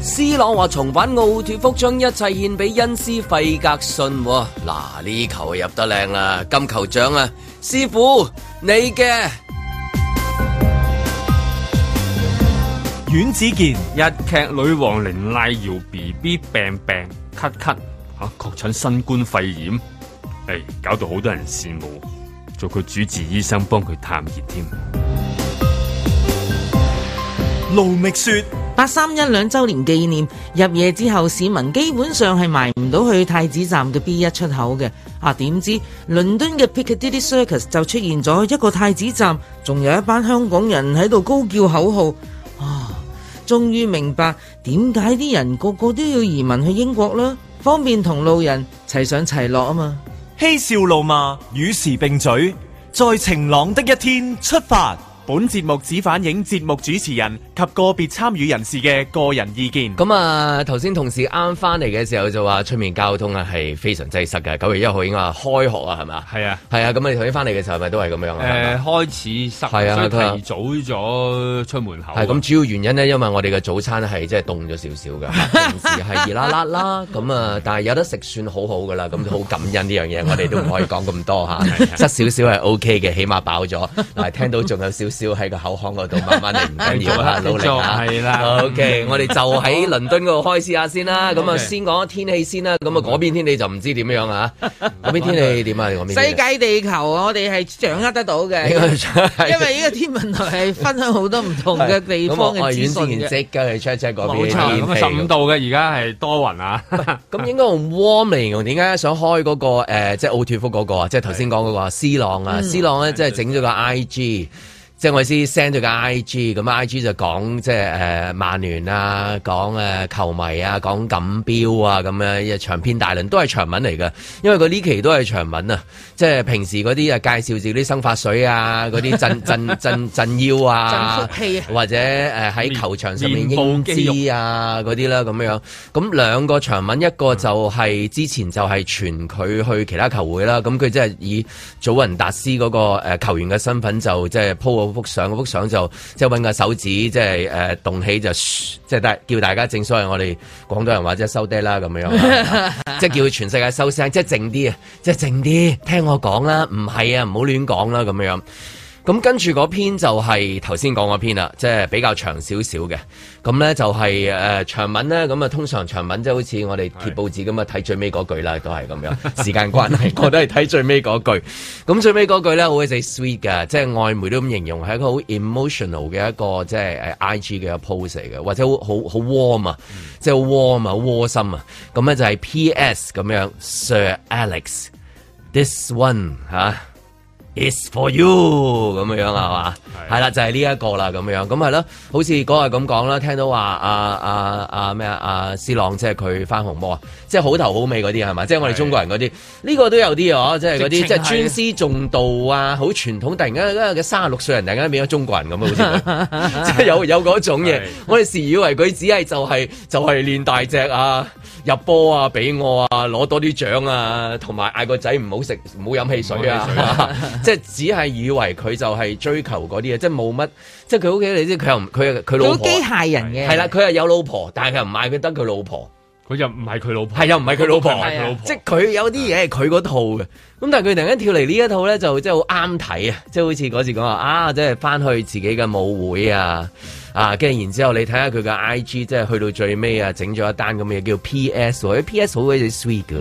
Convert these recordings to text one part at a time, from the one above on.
施朗話重返奧脫福將一切獻俾恩師費格遜、哦。嗱、啊，呢球入得靚啦，金球獎啊！師傅，你嘅。阮子健，日劇女王綾瀨遙 B B 病病咳咳吓確診新冠肺炎，誒、欸，搞到好多人羨慕，做佢主治醫生幫佢探熱添。盧覓雪。八三一兩周年紀念，入夜之後，市民基本上係埋唔到去太子站嘅 B1 出口嘅。啊，點知倫敦嘅 Piccadilly Circus 就出現咗一個太子站，仲有一班香港人喺度高叫口號。啊，終於明白點解啲人個個都要移民去英國啦，方便同路人齊上齊落啊嘛。嬉笑怒罵，與時並舉，在晴朗的一天出發。本節目只反映節目主持人及個別參與人士嘅個人意見。咁啊，頭先同事啱翻嚟嘅時候就話，出面交通啊係非常擠塞嘅。九月一號已經話開學啊，係咪？係啊，係啊。咁你頭先翻嚟嘅時候，係咪都係咁樣啊？誒，開始塞，係啊。提早咗出門口。係咁，啊，主要原因呢，因為我哋嘅早餐係即係凍咗少少噶， 平時係熱辣辣啦。咁啊，但係有得食算好好噶啦。咁好感恩呢樣嘢，我哋都唔可以講咁多吓，塞少少係 O K 嘅，起碼飽咗。嗱，聽到仲有少少。要喺個口腔嗰度慢慢嚟，唔緊要啊！努力啊，係啦。O K，我哋就喺倫敦嗰度開始下先啦。咁啊，先講天氣先啦。咁啊，嗰邊天氣就唔知點樣啊。嗰邊天氣點啊？邊？世界地球，我哋係掌握得到嘅。因為呢個天文台係分享好多唔同嘅地方嘅資訊嘅。直去 check check 嗰邊。十五度嘅而家係多雲啊。咁應該用 warm 嚟形容？點解想開嗰個誒，即係奧脫福嗰個啊？即係頭先講嗰個 C 朗啊。C 朗咧，即係整咗個 I G。即係我先 send 咗個 I G，咁 I G 就講即係，誒，曼聯啊，講誒球迷啊，講錦標啊，咁樣一長篇大論都係長文嚟㗎，因為佢呢期都係長文啊，即係平時嗰啲啊介紹自己啲生髮水啊，嗰啲震震震震腰啊，或者誒喺球場上面英姿啊嗰啲啦，咁樣。咁兩個長文，一個就係之前就係傳佢去其他球會啦。咁佢即係以祖雲達斯嗰個誒球員嘅身份就即係 po 幅相，幅相就即係揾個手指，即係誒動起就，即係大叫大家正所謂我哋廣東人話即收爹啦咁樣，即係 叫佢全世界收聲，即係靜啲啊，即係靜啲，聽我講啦，唔係啊，唔好亂講啦咁樣。咁跟住嗰篇就係頭先講嗰篇啦，即、就、係、是、比較長少少嘅。咁咧就係、是、誒、呃、長文啦。咁啊通常長文即好似我哋貼報紙咁啊，睇最尾嗰句啦，是都係咁樣。時間關係， 我都係睇最尾嗰句。咁最尾嗰句咧好鬼死 sweet 㗎，即係外媒都咁形容係一個好 emotional 嘅一個即係 IG 嘅 pose 嚟嘅，或者好好好 warm 啊，嗯、即係 warm 啊，好窩心啊。咁咧就係 PS 咁樣 Sir Alex，this one 嚇、啊。Is's for you 咁、嗯、樣樣係嘛？係啦、嗯吧，就係呢一個啦咁樣。咁係啦，好似嗰日咁講啦，聽到話阿阿阿咩啊阿、啊啊啊、斯朗即係佢翻紅魔啊，即係好頭好尾嗰啲係嘛？對 即係我哋中國人嗰啲，呢、這個都有啲啊，即係嗰啲即係尊師重道啊，好傳統。突然間，突然間佢卅六歲人突然間變咗中國人咁啊，好似 即係有有嗰種嘢。對 我哋誤以為佢只係就係、是、就係、是、練大隻啊。入波啊！俾我啊！攞多啲獎啊！同埋嗌個仔唔好食，唔好飲汽水啊！水啊 即係只係以為佢就係追求嗰啲嘢，即係冇乜，即係佢屋企你知佢又佢佢老婆。好機械人嘅係啦，佢又有老婆，但係佢唔賣佢得佢老婆，佢又唔係佢老婆，係又唔係佢老婆，即係佢有啲嘢係佢嗰套嘅。咁的但係佢突然間跳嚟呢一套咧，就即係好啱睇啊！即係好似嗰時講話啊，即係翻去自己嘅舞會啊！啊，跟住然之後，你睇下佢嘅 I G，即係去到最尾啊，整咗一單咁嘅嘢，叫 P、啊、S，或者 P S 好鬼死 sweet 㗎。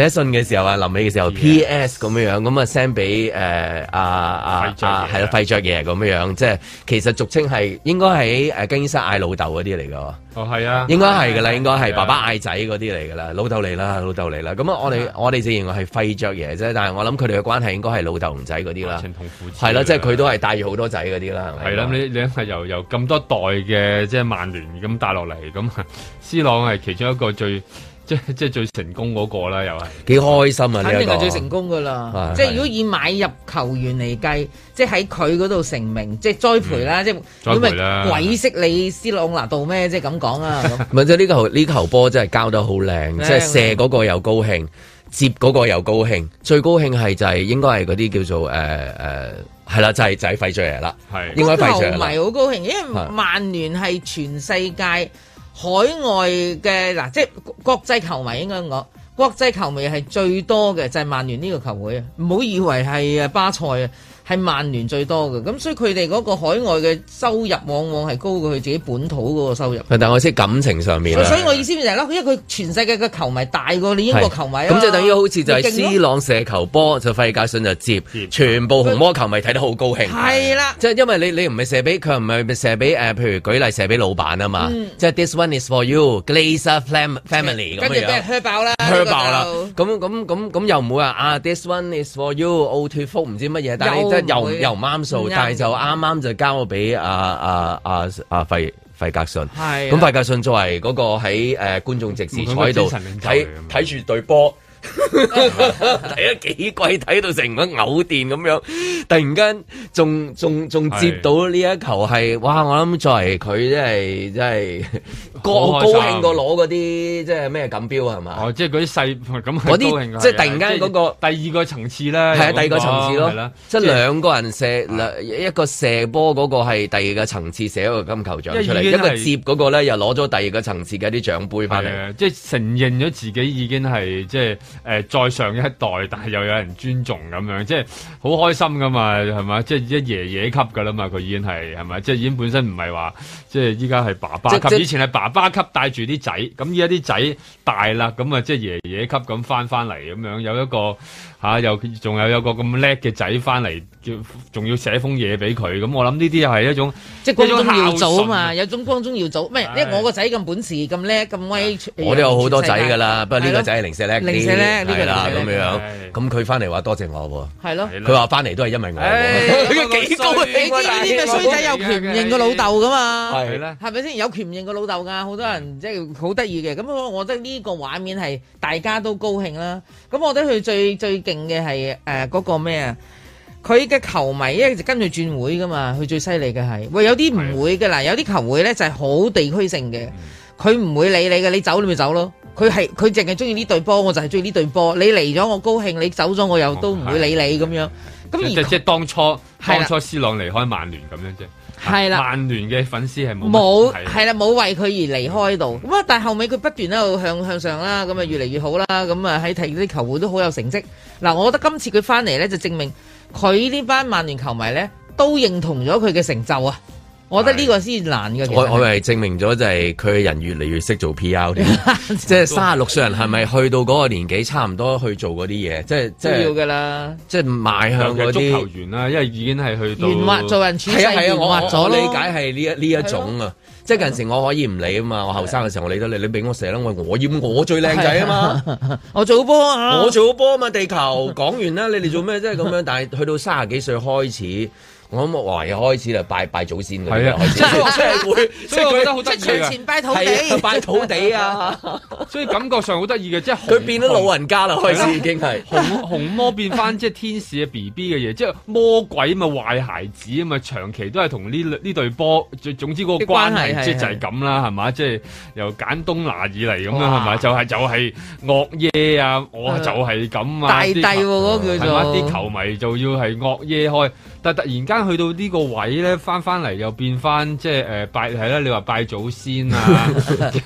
寫信嘅時候，林時候，耶、呃、啊，臨尾嘅時候，P.S. 咁樣樣，咁啊 send 俾誒阿阿阿係啦，費爵爺咁樣樣，即係其實俗稱係應該喺誒，更衣室嗌老豆嗰啲嚟噶。哦，係啊，應該係噶啦，應該係爸爸嗌仔嗰啲嚟噶啦，老豆嚟啦，老豆嚟啦。咁啊，我哋我哋只認為係費爵爺啫，但係我諗佢哋嘅關係應該係老豆同仔嗰啲啦。係啦、啊樣，即係佢都係帶住好多仔嗰啲啦。係啦，你你係由由咁多代嘅即係曼聯咁帶落嚟，咁 C 朗係其中一個最。即即最成功嗰個啦，又係幾開心啊！肯定係最成功噶啦，即係如果以買入球員嚟計，即係喺佢嗰度成名，即係栽培啦，即係栽鬼識你斯朗拿度咩？即係咁講啊！唔係即係呢個球呢球波真係交得好靚，即係射嗰個又高興，接嗰個又高興，最高興係就係應該係嗰啲叫做誒誒，係啦，就係仔廢費盡啦，係應該費啦。球迷好高興，因為曼聯係全世界。海外嘅嗱，即係國際球迷應該講，國際球迷係最多嘅，就係曼聯呢個球會啊！唔好以為係誒巴塞啊。係曼聯最多嘅，咁所以佢哋嗰個海外嘅收入往往係高過佢自己本土嗰個收入。但係我知感情上面啦。所以我意思就係、是、咯，因為佢全世界嘅球迷大過你英國球迷啦、啊。咁即係等於好似就係斯朗射球波就費解信就接，全部紅魔球迷睇得好高興。係啦、嗯，即係因為你你唔係射俾佢，唔係射俾誒，譬如舉例射俾老闆啊嘛，即係、嗯、This one is for you, Glazer family。跟住即係 h 爆啦 h 爆啦，咁咁咁咁又唔會話啊，啊，This one is for you, 奧脫福唔知乜嘢，但係。又又啱數，但係就啱啱就交咗俾阿阿阿阿費費格遜。係的，咁費格遜作為嗰個喺誒、呃、觀眾直視坐喺度睇睇住對波。係啊，幾季睇到成個藕電咁樣，突然間仲仲仲接到呢一球係，哇！我諗作為佢即係真係，即係、高高興過攞嗰啲即係咩錦標係嘛？即係、錦哦，即係嗰啲細咁，些即係突然間嗰、那個第二個層次咧，係啊，第二個層次咯，即係兩個人射，一、即係、一個射波嗰個係第二個層次射一個金球獎出嚟，一個接嗰個咧又攞咗第二個層次嘅一啲獎杯翻嚟，即係承認咗自己已經係即係。即誒再、呃、上一代，但係又有人尊重咁樣，即係好開心噶嘛，係咪？即係一爺爺級噶啦嘛，佢已經係係咪？即係已經本身唔係話，即係依家係爸爸級，即以前係爸爸級帶住啲仔，咁依家啲仔大啦，咁啊即係爺爺級咁翻翻嚟咁樣，有一個嚇、啊，又仲有有個咁叻嘅仔翻嚟。仲要寫封嘢俾佢，咁我諗呢啲又係一種即係光宗耀祖啊嘛，有種光宗耀祖，咩？因為我個仔咁本事咁叻咁威。我都有好多仔噶啦，不過呢個仔零舍叻，零舍叻呢係啦，咁樣咁佢翻嚟話多謝我喎，係咯，佢話翻嚟都係因為我喎，幾高？你知唔知咩衰仔有權唔認個老豆噶嘛？係咧，係咪先有權唔認個老豆噶？好多人即係好得意嘅，咁我覺得呢個畫面係大家都高興啦。咁我覺得佢最最勁嘅係誒嗰個咩啊？佢嘅球迷一直跟住轉會噶嘛，佢最犀利嘅係，喂，有啲唔會嘅啦。有啲球會咧就係好地區性嘅，佢唔會理你嘅，你走你咪走咯。佢係佢淨係中意呢隊波，我就係中意呢隊波。你嚟咗我高興，你走咗我又都唔會理你咁樣。咁即係即係當初當初 C 朗離開曼聯咁樣啫，係啦。曼聯嘅粉絲係冇冇係啦，冇為佢而離開度咁啊。但後尾佢不斷喺度向向上啦，咁啊越嚟越好啦。咁啊喺踢啲球會都好有成績嗱。我覺得今次佢翻嚟咧就證明。佢呢班曼聯球迷咧，都認同咗佢嘅成就啊！的我覺得呢個先難嘅。我我係證明咗就係佢嘅人越嚟越識做 PR，即係三十六歲人係咪去到嗰個年紀差唔多去做嗰啲嘢？即係即係都要噶啦，即係邁向嗰啲球員啦、啊，因為已經係去到。圓滑做人處世係啊係啊，我話咗理解係呢一呢的一種啊。即係嗰陣時我可以唔理啊嘛，我後生嘅時候我理得你，你俾我死啦，我我要我最靚仔啊嘛，我做波啊，我做波啊嘛，地球講完啦，你哋做咩即係咁樣？但係去到三十幾歲開始。我諗華又開始就拜拜祖先嘅，係啊，即係會，所以我覺得好得意啊！前拜土地拜土地啊，所以感覺上好得意嘅，即係佢變咗老人家啦，已經係紅紅魔變翻即係天使嘅 B B 嘅嘢，即係魔鬼嘛，壞孩子啊嘛，長期都係同呢呢對波，總總之個關係即係咁啦，係嘛，即係由簡東拿以嚟，咁啊，係嘛，就係就係惡耶啊，我就係咁啊，大帝嗰個叫做，啲球迷就要係惡耶開。但突然間去到呢個位咧，翻翻嚟又變翻即係誒拜係啦，你話拜祖先啊，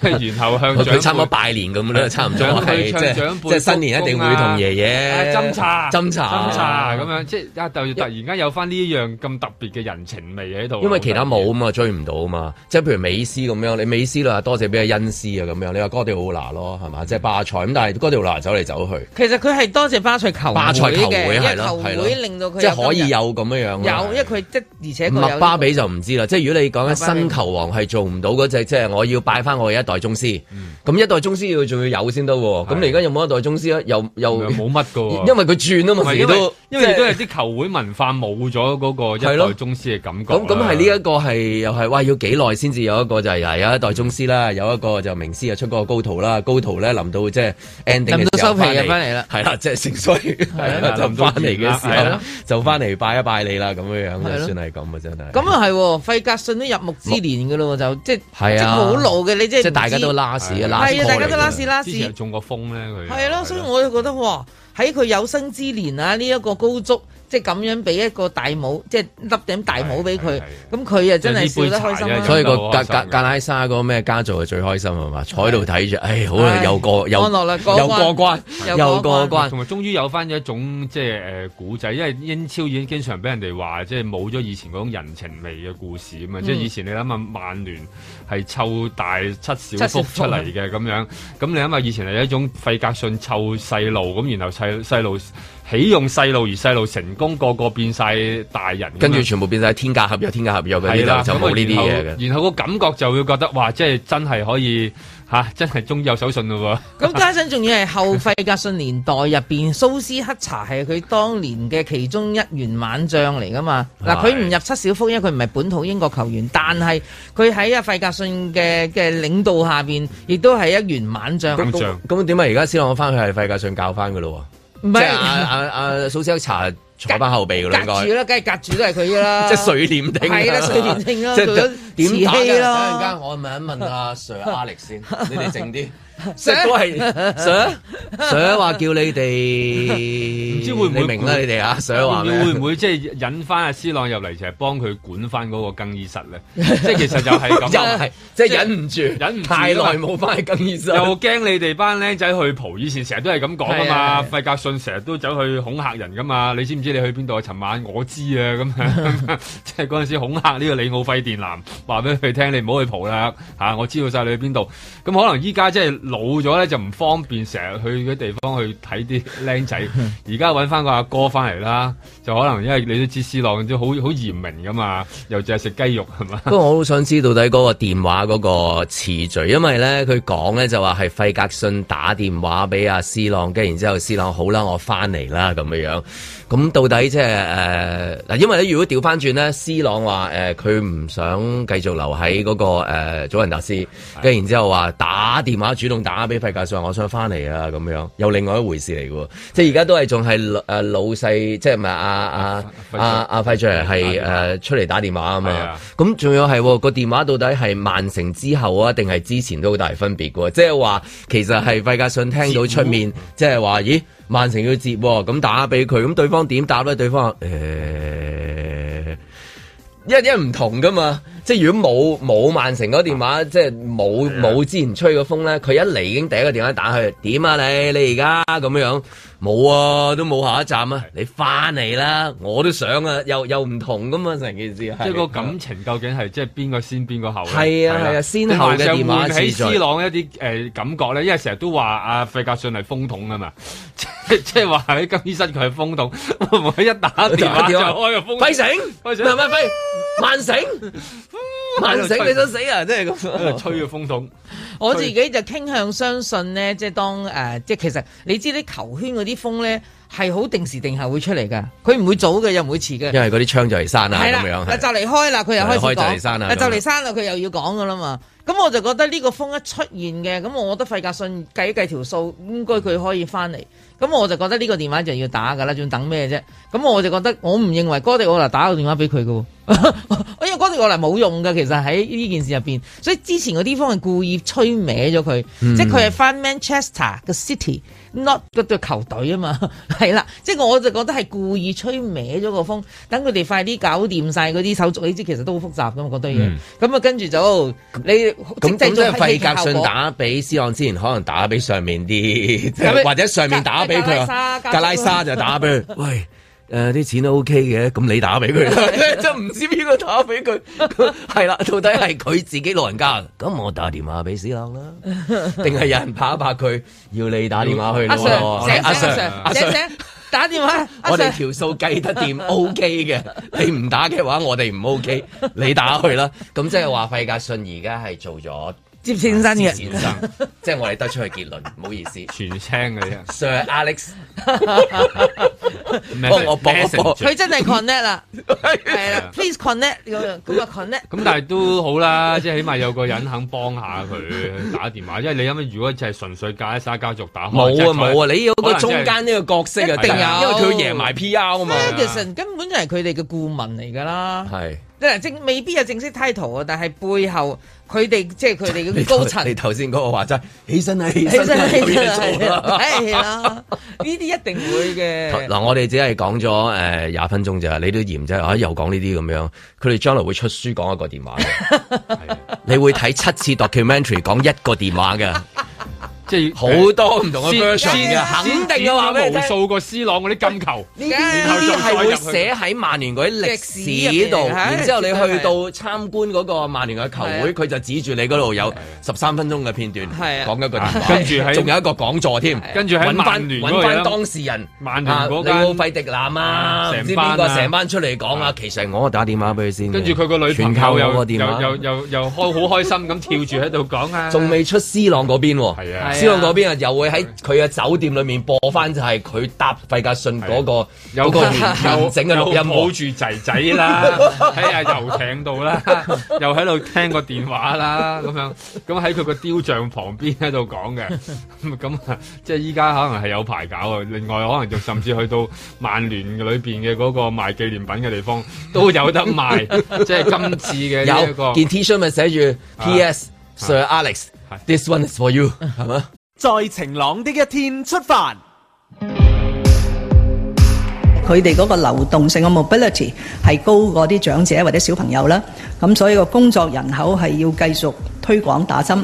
然後向長輩差唔多拜年咁啦，差唔多係即係新年一定會同爺爺斟茶斟茶斟茶咁樣，即係啊，就突然間有翻呢一樣咁特別嘅人情味喺度。因為其他冇啊嘛，追唔到啊嘛，即係譬如美斯咁樣，你美斯啦，多謝俾阿恩師啊咁樣，你話哥迪奧拿咯，係嘛？即係巴塞，咁但係哥迪奧拿走嚟走去。其實佢係多謝巴塞球會嘅一球會令到佢即係可以有咁樣。有，因為佢即而且麥巴比就唔知啦。即係如果你講緊新球王係做唔到嗰隻，即係我要拜翻我嘅一代宗師。咁一代宗師要仲要有先得。咁你而家有冇一代宗師啊？又又冇乜噶。因為佢轉啊嘛，自己都因為都係啲球會文化，冇咗嗰個一代宗師嘅感覺。咁咁係呢一個係又係哇？要幾耐先至有一個就係有一代宗師啦？有一個就名師啊出個高徒啦。高徒咧臨到即係 ending 咁都收皮就翻嚟啦。係啦，即係成衰，就翻嚟嘅時候，就翻嚟拜一拜你。啦咁嘅樣，係咯，算係咁嘅真係。咁啊係，費格遜都入木之年嘅咯，就即係即係好老嘅，你即係即係大家都拉屎，係啊，大家都拉屎拉屎。之前中過風咧，佢係咯，所以我就覺得喎，喺佢有生之年啊，呢一個高足。即係咁樣俾一個大帽，即係笠頂大帽俾佢，咁佢啊真係笑得開心所以、嗰個格格格拉沙嗰個咩家族係最開心係嘛？坐喺度睇住，哎，好啊、哎呀，又過又過關，又過關，又過關，同埋終於有翻一種即係誒古仔，因為英超已經經常俾人哋話，即係冇咗以前嗰種人情味嘅故事啊嘛。嗯、即係以前你諗下曼聯係湊大七小福出嚟嘅咁樣，咁你諗下以前係一種費格遜湊細路咁，然後細細路。起用細路而細路成功個個變晒大人，跟住全部變晒天價合約、天價合約嗰啲啦，了就冇呢啲嘢嘅。然後個感覺就會覺得，哇，即、就、係、是、真係可以吓、啊，真係終於有手信噶喎。咁加上仲要係後費格遜年代入邊，蘇 斯克查係佢當年嘅其中一員猛將嚟噶嘛。嗱是，佢唔入七小福，因為佢唔係本土英國球員，的但係佢喺阿費格遜嘅嘅領導下邊，亦都係一員猛將。咁咁點解？而家先諗翻去係費格遜教翻噶咯。即係阿阿阿蘇姐茶。隔翻後備嘅咯，隔住啦，梗係隔住都係佢啦，即係水簾頂，係啦，水簾頂啦，即係點？突然間，我問一問阿 Sir 壓力先，你哋靜啲 Sir 都係 Sir，Sir 話叫你哋唔知會唔會明啦，你哋啊，Sir 話咩？會唔會即係引翻阿司朗入嚟，成日幫佢管翻嗰個更衣室咧？即係其實就係咁，即係忍唔住，忍唔太耐冇翻去更衣室，又驚你哋班僆仔去蒲。以前成日都係咁講啊嘛，費格遜成日都走去恐嚇人噶嘛，你知唔知？你去邊度啊？尋晚我知啊，咁樣即係嗰陣時恐嚇呢個李奧輝電男，話俾佢聽你唔好去蒲啦吓，啊，我知道晒你去邊度。咁、嗯、可能依家即係老咗咧，就唔方便成日去啲地方去睇啲僆仔。而家揾翻個阿哥翻嚟啦，就可能因為你都知斯朗都好好嚴明噶嘛，又淨係食雞肉係嘛。不過我好想知道到底嗰個電話嗰個次序，因為咧佢講咧就話係費格遜打電話俾阿斯朗，跟住然之後斯朗好啦，我翻嚟啦咁嘅樣。咁到底即係誒嗱，因為咧如果調翻轉咧，C 朗話誒佢唔想繼續留喺嗰、那個誒、呃、祖雲達斯，跟是的 然之後話打電話主動打俾費格遜，我想翻嚟啊咁樣，又另外一回事嚟嘅，即係而家都係仲係誒老細，即係唔係阿阿阿阿費格遜係誒出嚟打電話啊嘛？咁仲有係個電話到底係曼城之後啊，定係之前都好大分別嘅，即係話其實係費格遜聽到出呼面，即係話咦？曼城要接，咁打俾佢，咁對方點答咧？對方誒，一一唔同噶嘛，即係如果冇冇曼城嗰電話，即係冇冇之前吹個風咧，佢一嚟已經第一個電話打去，點啊你你而家咁樣？冇啊，都冇下一站啊！你翻嚟啦，我都想啊，又又唔同噶嘛，成件事啊，即係個感情究竟係即係邊個先邊個後係係啊係啊，先後嘅電話起思朗一啲誒感覺咧，因為成日都話阿費格遜係風筒啊嘛，即係即係話喺金醫生佢係風筒，一打電話就開個風筒。費城，醒！係醒！係醒！城。死你想死啊！真係咁吹個風筒， 我自己就傾向相信咧，即係當誒、呃，即係其實你知啲球圈嗰啲風咧係好定時定候會出嚟噶，佢唔會早嘅，又唔會遲嘅。因為嗰啲窗，就嚟閂啦，咁的樣就嚟，啊、的開啦，佢又開，就嚟閂啦，就嚟閂啦，佢又要講噶啦嘛。咁我就覺得呢個風一出現嘅，咁我我覺得費格遜計一計條數，應該佢可以翻嚟。嗯咁我就覺得呢個電話就要打噶啦，仲等咩啫？咁我就覺得我唔認為哥迪奧拿打個電話俾佢喎！因 為、哎、哥迪奧拿冇用㗎，其實喺呢件事入邊，所以之前嗰啲方係故意吹歪咗佢，嗯、即係佢係翻 Manchester 嘅 City。not 個球隊啊嘛，係 啦，即係我就覺得係故意吹歪咗個風，等佢哋快啲搞掂晒嗰啲手續。你知其實都好複雜噶嘛，嗰堆嘢。咁、嗯、啊，跟、嗯、住、嗯嗯嗯嗯、就你，咁咁都係費格遜打俾施朗，之前可能打俾上面啲、就是，或者上面打俾佢，格拉沙就，就打俾。 喂！誒，啲錢都 OK 嘅，咁你打俾佢啦，即係唔知邊個打俾佢，係啦，到底係佢自己老人家。咁我打電話俾史朗啦，定係有人拍一拍佢要你打電話去咯。阿 Sir，阿 Sir，阿 Sir，打電話。我哋條數計得掂 OK 嘅，你唔打嘅話我哋唔 OK，你打去啦。咁即係話費格信而家係做咗。接先生，嘅先生，即係我哋得出嘅結論，唔好意思。全青嘅啫，Sir Alex，幫我幫，佢真係 connect 啦，係啦，please connect 咁樣，咁啊 connect。咁但係都好啦，即係起碼有個人肯幫下佢打電話，因為你諗如果就係純粹加一沙家族打開，冇啊冇啊，你要個中間呢個角色啊，一定有，因為佢要贏埋 PR 啊嘛。Mackeson 根本就係佢哋嘅顧問嚟噶啦，係。即未必有正式 title 啊，但係背後佢哋即係佢哋嗰個高層。你頭先嗰個話齋，起身啊，起身啊，係啊，呢啲的 一定會嘅。嗱，我哋只係講咗誒廿分鐘咋，你都嫌啫，啊又講呢啲咁樣，佢哋將來會出書講一個電話嘅， 你會睇七次 documentary 講一個電話嘅。 即係好多唔同嘅 version 嘅，肯定嘅話無數個 C 朗嗰啲金球，呢啲係會寫喺曼聯嗰啲歷史度。然之後你去到參觀嗰個曼聯嘅球會，佢就指住你嗰度有十三分鐘嘅片段，講一個電話。跟住仲有一個講座添。跟住喺，揾翻揾翻當事人，曼聯嗰費迪南啊，唔知邊個成班出嚟講啊？其實我打電話俾佢先。跟住佢個女朋友話又又又開好開心咁跳住喺度講啊！仲未出 C 朗嗰邊喎。係啊。小樂嗰邊啊，哎、呀又會喺佢嘅酒店裏面播翻，就係佢搭費格遜嗰、那個的有全個完整嘅，又抱住仔仔啦，喺啊 遊艇度啦， 又喺度聽個電話啦，咁樣咁喺佢個雕像旁邊喺度講嘅，咁啊，即係依家可能係有排搞啊。另外可能就甚至去到曼聯裏邊嘅嗰個賣紀念品嘅地方都有得賣， 即係今次嘅呢一個有件 T-shirt 咪寫住 PS、啊。Sir Alex，this 的 one is for you，係嘛嗎？在 晴朗的一天出發，佢哋嗰個流動性嘅 mobility 係高過啲長者或者小朋友啦，咁所以個工作人口係要繼續推廣打針。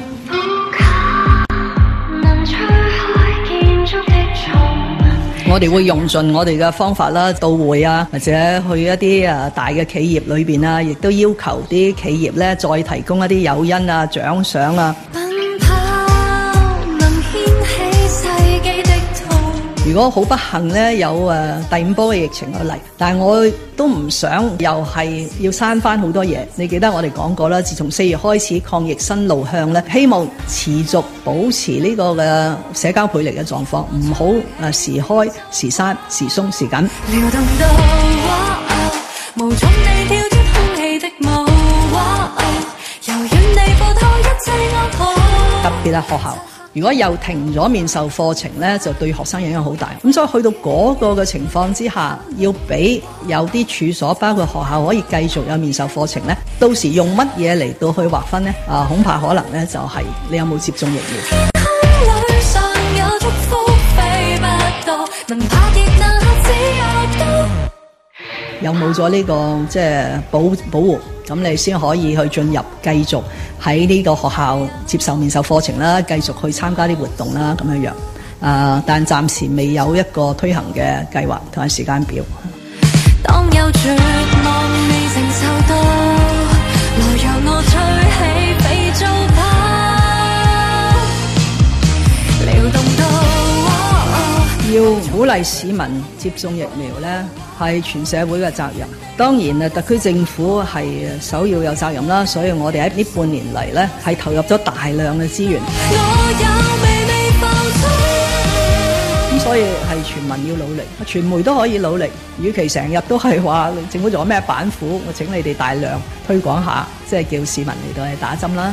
我哋會用盡我哋嘅方法啦，到會啊，或者去一啲誒大嘅企業裏邊也亦都要求啲企業咧再提供一啲誘因啊獎賞啊。如果好不幸呢，有誒、啊、第五波嘅疫情落嚟，但係我都唔想又係要閂翻好多嘢。你記得我哋講過啦，自從四月開始抗疫新路向咧，希望持續保持呢、這個嘅、啊、社交距離嘅狀況，唔好誒時開時閂時鬆、哦、一切時緊。特別喺學校。如果又停咗面授課程呢，就對學生影響好大。咁所以去到嗰個嘅情況之下，要俾有啲處所包括學校可以繼續有面授課程呢，到時用乜嘢嚟到去劃分呢？啊，恐怕可能呢，就係、是、你有冇接種疫苗？天空有冇咗呢個即係、就是、保保護？噉你先可以去進入繼續喺呢個學校接受面授課程啦，繼續去參加啲活動啦，噉樣樣，啊，但暫時未有一個推行嘅計劃同埋時間表。當有絕望，未曾受到。要鼓勵市民接種疫苗呢，係全社會嘅責任。當然啊，特區政府係首要有責任啦。所以我哋喺呢半年嚟呢，係投入咗大量嘅資源。咁、嗯、所以係全民要努力，傳媒都可以努力。與其成日都係話政府做咩板斧，我請你哋大量推廣下，即係叫市民嚟到去打針啦。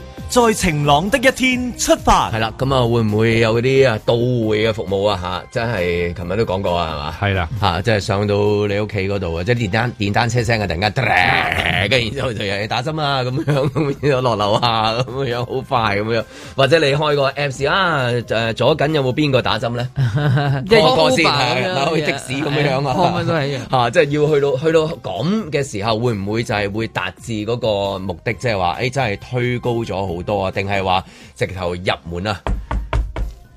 在晴朗的一天出發，係啦，咁啊會唔會有啲啊到會嘅服務啊吓、啊？真係琴日都講過是的 啊，係嘛？係啦，吓，即係上到你屋企嗰度啊，即係電單電單車聲啊，突然間突然間跟然後就人人打針啦、啊，咁樣咁樣落樓下咁樣，好、啊、快咁樣，或者你開個 apps 啊？誒、啊，左近有冇邊個打針咧？一個 先，開的士咁樣啊？吓、啊啊，即係要去到去到咁嘅時候，會唔會就係會達至嗰個目的？即係話誒，真係推高咗好。多制啊？定係話直頭入門啊？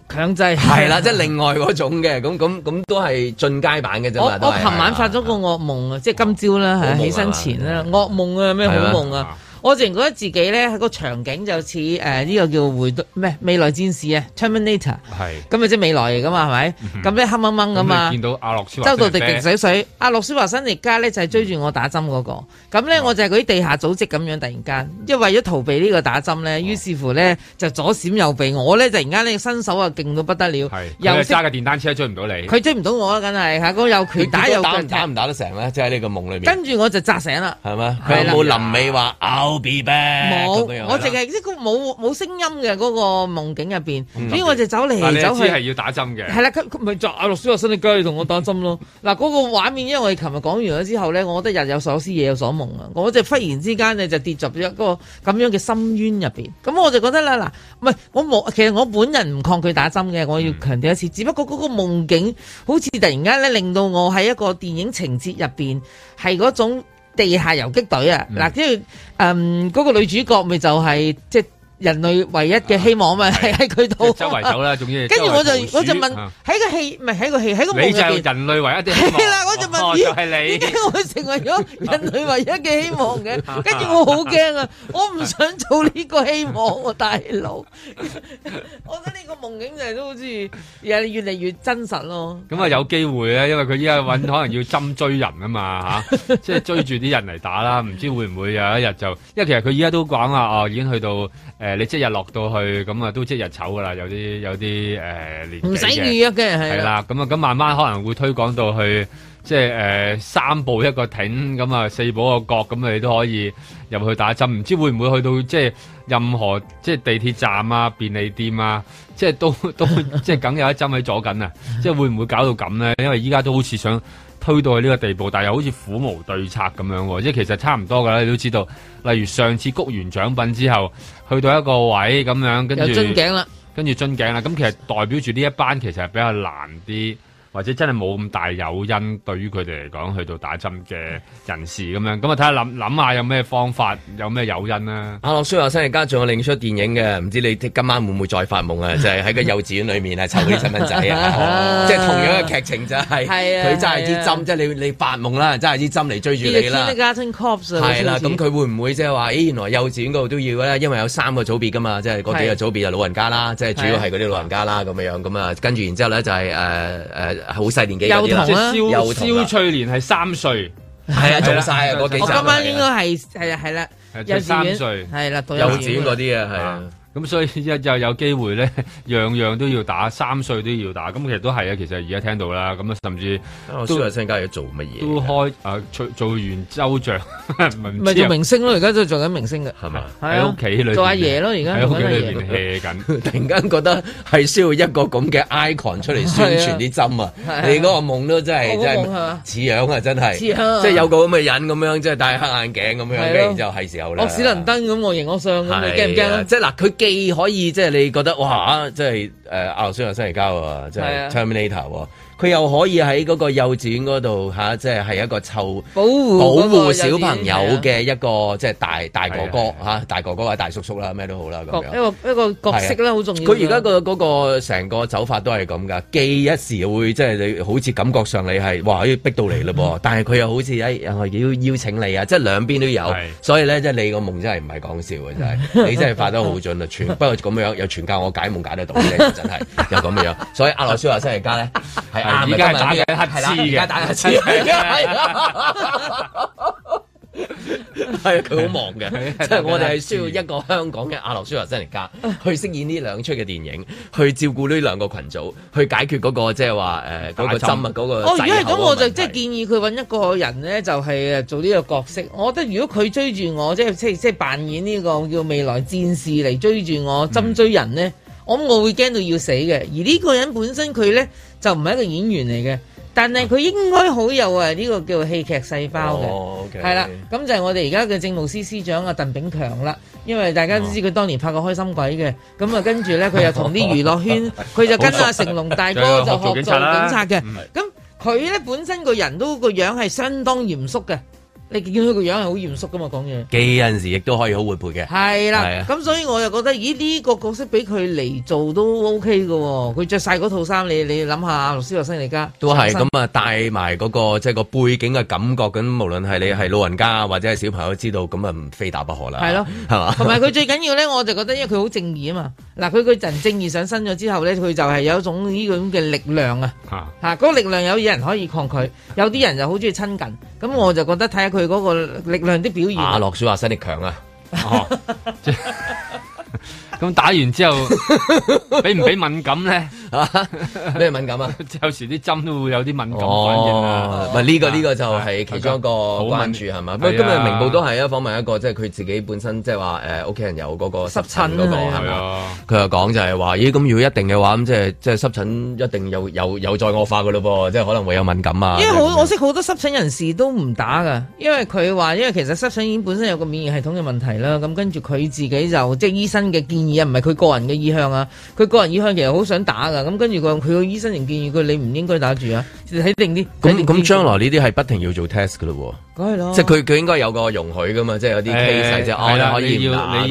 強制係啦，即係另外嗰種嘅，咁咁咁都係進階版嘅啫嘛。都係。我琴晚發咗個惡夢啊，即係今朝啦，係起身前啦，惡夢啊，咩好夢啊？我突然覺得自己咧喺個場景就似誒呢個叫回咩未來戰士啊，Terminator。係。咁咪即係未來嚟噶嘛，係咪？咁你黑掹掹噶嘛。你見到阿洛斯周到滴滴水水，阿洛斯華生而家咧就係追住我打針嗰個。咁咧我就係嗰啲地下組織咁樣突然間，因為為咗逃避呢個打針咧，於是乎咧就左閃右避。我咧突然間咧身手啊勁到不得了。又揸架電單車追唔到你。佢追唔到我啦，梗係嚇！我有拳打又。打唔打得成咧？即係呢個夢裏面。跟住我就扎醒啦。係咪？佢有冇臨尾話？冇，我淨係一個冇冇聲音嘅嗰、那個夢境入邊，嗯、所以我就走嚟走去係、啊、要打針嘅，係啦，佢阿陸小學生居同我打針咯。嗱，嗰、啊 啊那個畫面，因為我琴日講完咗之後咧，我覺得日有所思，夜有所夢啊。我、那、就、個、忽然之間咧就跌入咗一個咁、那個、樣嘅深淵入邊，咁我就覺得啦，嗱、啊，唔係我冇，其實我本人唔抗拒打針嘅，我要強調一次，嗯、只不過嗰個夢境好似突然間咧令到我喺一個電影情節入邊係嗰種地下游擊隊啊，嗱、嗯，嗯，嗰、um, 個女主角咪就係、是、即。人類唯一嘅希望嘛，係喺佢度，周圍走啦，總之。跟住我就我就問，喺個戲唔係喺個戲喺個夢。你就人類唯一嘅希望啦！我就問，咦，點解會成為咗人類唯一嘅希望嘅？跟住我好驚啊！我唔想做呢個希望，大佬。我覺得呢個夢境就都好似，又越嚟越真實咯。咁啊，有機會咧，因為佢依家搵，可能要針追人啊嘛，吓，即係追住啲人嚟打啦。唔知會唔會有一日就，因為其實佢依家都講啊，哦，已經去到。誒、呃，你即日落到去，咁啊都即日抽噶啦，有啲有啲誒、呃、年，唔使預約嘅係。啦的，咁啊的，咁慢慢可能會推廣到去，即係誒、呃、三步一個艇，咁啊四步一個角，咁你都可以入去打針。唔知會唔會去到即係任何即係地鐵站啊、便利店啊，即係都都即係梗有一針喺左近啊！ 即係會唔會搞到咁咧？因為依家都好似想。推到去呢個地步，但係又好似苦無對策咁樣喎，即其實差唔多㗎啦，你都知道。例如上次谷完獎品之後，去到一個位咁樣，跟住有樽頸啦，跟住樽頸啦，咁其實代表住呢一班其實係比較難啲。或者真係冇咁大誘因，對於佢哋嚟講，去到打針嘅人士咁樣，咁啊睇下諗諗下有咩方法，有咩誘因啦。阿、啊、羅叔話：新嘅家仲有另出電影嘅，唔知你今晚會唔會再發夢啊？ 就係喺個幼稚園裏面啊，湊啲細蚊仔啊，即係同樣嘅劇情就係、是，係 啊，佢真係支針，即係、啊、你你發夢啦，真係支針嚟追住你啦。係啦、啊，咁佢、啊、會唔會即係話？咦，原來幼稚園嗰度都要咧，因為有三個組別㗎嘛，即係嗰幾個組別啊，是就老人家啦，即係主要係嗰啲老人家啦，咁樣樣咁啊，跟住然之後咧就係誒誒。呃呃好細年紀有即係蕭翠蓮係三歲，係啊，做晒啊。幾我今晚應該係係係啦，幼稚園係啦，幼稚園嗰啲啊，係啊。咁所以又又有機會咧，樣樣都要打，三歲都要打。咁其實都係啊，其實而家聽到啦，咁啊，甚至都阿星家而家做乜嘢？都開啊，做完周像，唔係做明星咯？而家都做緊明星嘅，係嘛？喺屋企做阿爺咯，而家喺屋企裏邊 hea 緊。突然間覺得係需要一個咁嘅 icon 出嚟宣傳啲針啊！你嗰個夢都真係真係似樣啊！真係，即係有個咁嘅人咁樣，即係戴黑眼鏡咁樣，跟住就係時候咧。我史能登咁，我迎我上咁，你驚唔驚啊？即係嗱，佢。既可以即係、就是、你覺得哇，即係誒阿諾舒華辛力加喎，即、呃、係、就是、Terminator 佢又可以喺嗰個幼稚園嗰度、啊、即係係一個湊保護保護小朋友嘅一個是、啊、即係大大哥哥嚇，大哥哥或者是、啊啊、大、大叔叔啦，咩都好啦，咁樣一個一個角色呢，好重要、啊。佢而家個嗰、那個成個走法都係咁噶，既一時會即係你好似感覺上你係哇要逼到你嘞噃， 但係佢又好似誒、哎、要邀請你啊，即係兩邊都有，是啊、所以咧即係你個夢真係唔係講笑嘅，真係你真係發得好準啊！ 全不過咁樣又全教我解夢解得到嘅，真係又咁樣。所以阿羅少話真係家咧， 而家、這個、打嘅黑痴而家打黑痴係，係佢好忙嘅，的即係我哋係需要一個香港嘅阿諾舒華辛力加去飾演呢兩出嘅電影，去照顧呢兩個群組，去解決嗰、那個即係話誒嗰個針啊嗰個哦。如果係咁，我就即係建議佢搵一個人咧，就係、是、誒做呢個角色。我覺得如果佢追住我，即係即係即係扮演呢、這個叫未來戰士嚟追住我針追人咧，嗯、我我會驚到要死嘅。而呢個人本身佢咧。就唔係一個演員嚟嘅，但係佢應該好有啊呢個叫戲劇細胞嘅，係啦、oh, okay.。咁就係我哋而家嘅政務司司長阿鄧炳強啦，因為大家都知佢當年拍過《開心鬼》嘅，咁啊跟住呢，佢又同啲娛樂圈，佢 就跟阿成龍大哥 學、啊、就學做警察嘅。咁佢呢，本身個人都個樣係相當嚴肅嘅。你見到佢個樣係好嚴肅㗎嘛？講嘢，有陣時亦都可以好活潑嘅。係啦的，咁的所以我又覺得，咦？呢、這個角色俾佢嚟做都 OK 㗎喎、哦。佢着晒嗰套衫，你你諗下，阿羅斯華生嚟㗎都係咁啊，帶埋嗰個即係個背景嘅感覺咁。無論係你係老人家或者係小朋友知道，咁啊非打不可啦。係咯的，係嘛吧？同埋佢最緊要咧，我就覺得因為佢好正義啊嘛。嗱，佢佢人正義上身咗之後咧，佢就係有一種呢咁嘅力量啊！嚇、啊，嗰、那個力量有啲人可以抗拒，有啲人就好中意親近。嗯咁我就覺得睇下佢嗰個力量的表現。阿樂水話身力強啊！咁、哦、 打完之後，俾唔俾敏感咧？咩 敏感啊？即 有時啲針都會有啲敏感反應啊！唔係呢個呢個就係其中一個關注係嘛？嗯嗯、今日明報都係訪問一個，即係佢自己本身即係話誒屋企人有嗰個濕濕疹疼嗰、啊那個係嘛？佢又講就係話：咦咁如果一定嘅話咁，即係即係濕疹一定有又又再惡化㗎咯噃！即係可能會有敏感啊。因為很、就是、我我識好多濕疹人士都唔打㗎，因為佢話因為其實濕疹已經本身有個免疫系統嘅問題啦。咁跟住佢自己就即係醫生嘅建議啊，唔係佢個人嘅意向啊。佢個人意向其實好想打㗎。咁跟住佢，佢個醫生仲建議佢，你唔應該打住啊，睇定啲。咁咁將來呢啲係不停要做 test 噶咯喎，即係佢佢應該有個容許噶嘛，即係有啲 case 即係我哋可以你要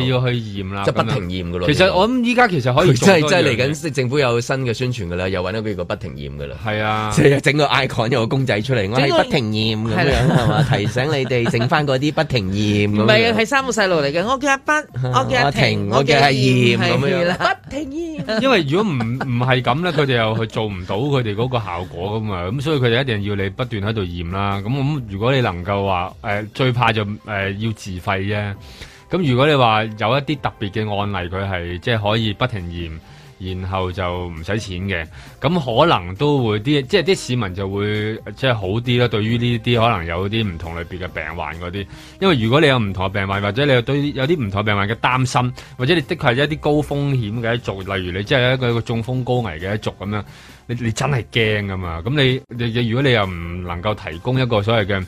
你要去驗啦，即係不停驗噶咯。其實我諗依家其實可以，即係即係嚟緊政府有新嘅宣傳噶啦，又揾咗幾個不停驗噶啦。係啊，即係整個 icon 有個公仔出嚟，我哋不停驗咁樣係嘛，提醒你哋整翻嗰啲不停驗。唔係啊，係三個細路嚟嘅，我叫阿不，我叫阿停，我叫阿驗咁樣，不停驗。因為如果唔唔係咁咧，佢哋 又去做唔到佢哋嗰個效果㗎嘛，咁所以佢哋一定要你不斷喺度驗啦。咁咁如果你能夠話、呃、最怕就、呃、要自費啫。咁如果你話有一啲特別嘅案例，佢係即係可以不停驗。然後就唔使錢嘅，咁可能都會啲，即係啲市民就會即係好啲啦。對於呢啲可能有啲唔同類別嘅病患嗰啲，因為如果你有唔同嘅病患，或者你有對有啲唔同病患嘅擔心，或者你的確係一啲高風險嘅一族，例如你真係一個中風高危嘅一族咁樣，你你真係驚㗎嘛？咁你你如果你又唔能夠提供一個所謂嘅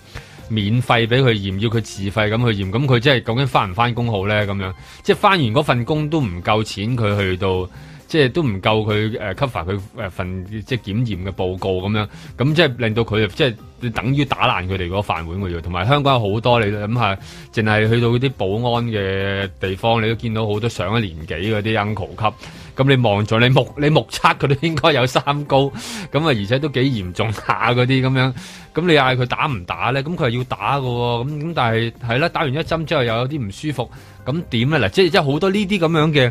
免費俾佢驗，要佢自費咁去驗，咁佢真係究竟返唔返工好咧？咁樣即係返完嗰份工都唔夠錢，佢去到。即係都唔夠佢誒 cover 佢誒份即係檢驗嘅報告咁樣，咁即係令到佢即係等於打爛佢哋嗰個飯碗喎。同埋香港有好多你諗下，淨係去到啲保安嘅地方，你都見到好多上一年紀嗰啲 uncle 級。咁你望住，你目你目測佢都應該有三高，咁啊而且都幾嚴重下嗰啲咁樣。咁你嗌佢打唔打咧？咁佢係要打嘅喎。咁咁但係係啦，打完一針之後又有啲唔舒服。咁點咧？嗱，即係即係好多呢啲咁樣嘅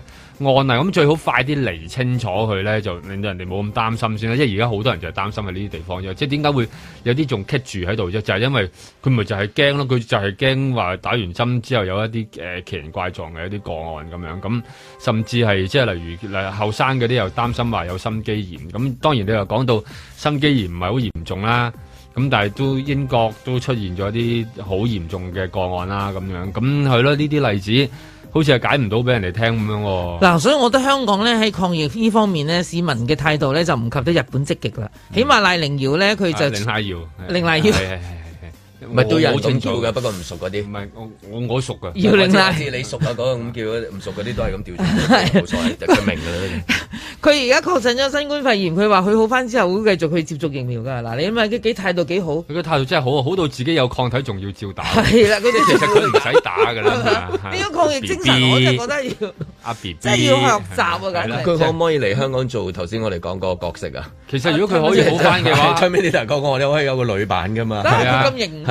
案例，咁最好快啲釐清楚佢咧，就令到人哋冇咁擔心先啦。因為而家好多人就係擔心喺呢啲地方啫。即係點解會有啲仲 keep 住喺度啫？就係、是、因為佢咪就係驚咯，佢就係驚話打完針之後有一啲誒奇形怪狀嘅一啲個案咁樣。咁甚至係即係例如嗱，後生嗰啲又擔心話有心肌炎。咁當然你又講到心肌炎唔係好嚴重啦。咁但係都英國都出現咗啲好嚴重嘅個案啦，咁樣咁係咯，呢啲例子好似係解唔到俾人哋聽咁樣喎。嗱，所以我覺得香港咧喺抗疫呢方面咧，市民嘅態度咧就唔及得日本積極啦。起碼賴寧瑤咧，佢就寧賴瑤，寧唔係都有人咁叫嘅，不過唔熟嗰啲。唔係我我熟嘅。要你知，你熟啊，嗰個咁叫，唔熟嗰啲都係咁叫。冇錯，佢明。佢而家確診咗新冠肺炎，佢話佢好翻之後會繼續去接種疫苗㗎。嗱，你因為佢幾態度幾好。佢嘅態度真係好，好到自己有抗體仲要照打。係啦，佢哋其實佢唔使打㗎啦。呢個抗疫精神我真係覺得要，阿 B B 就要學習啊！佢可唔可以嚟香港做頭先我哋講個角色啊？其實如果佢可以好翻嘅話，最尾啲人講講我哋可以有個女版㗎嘛？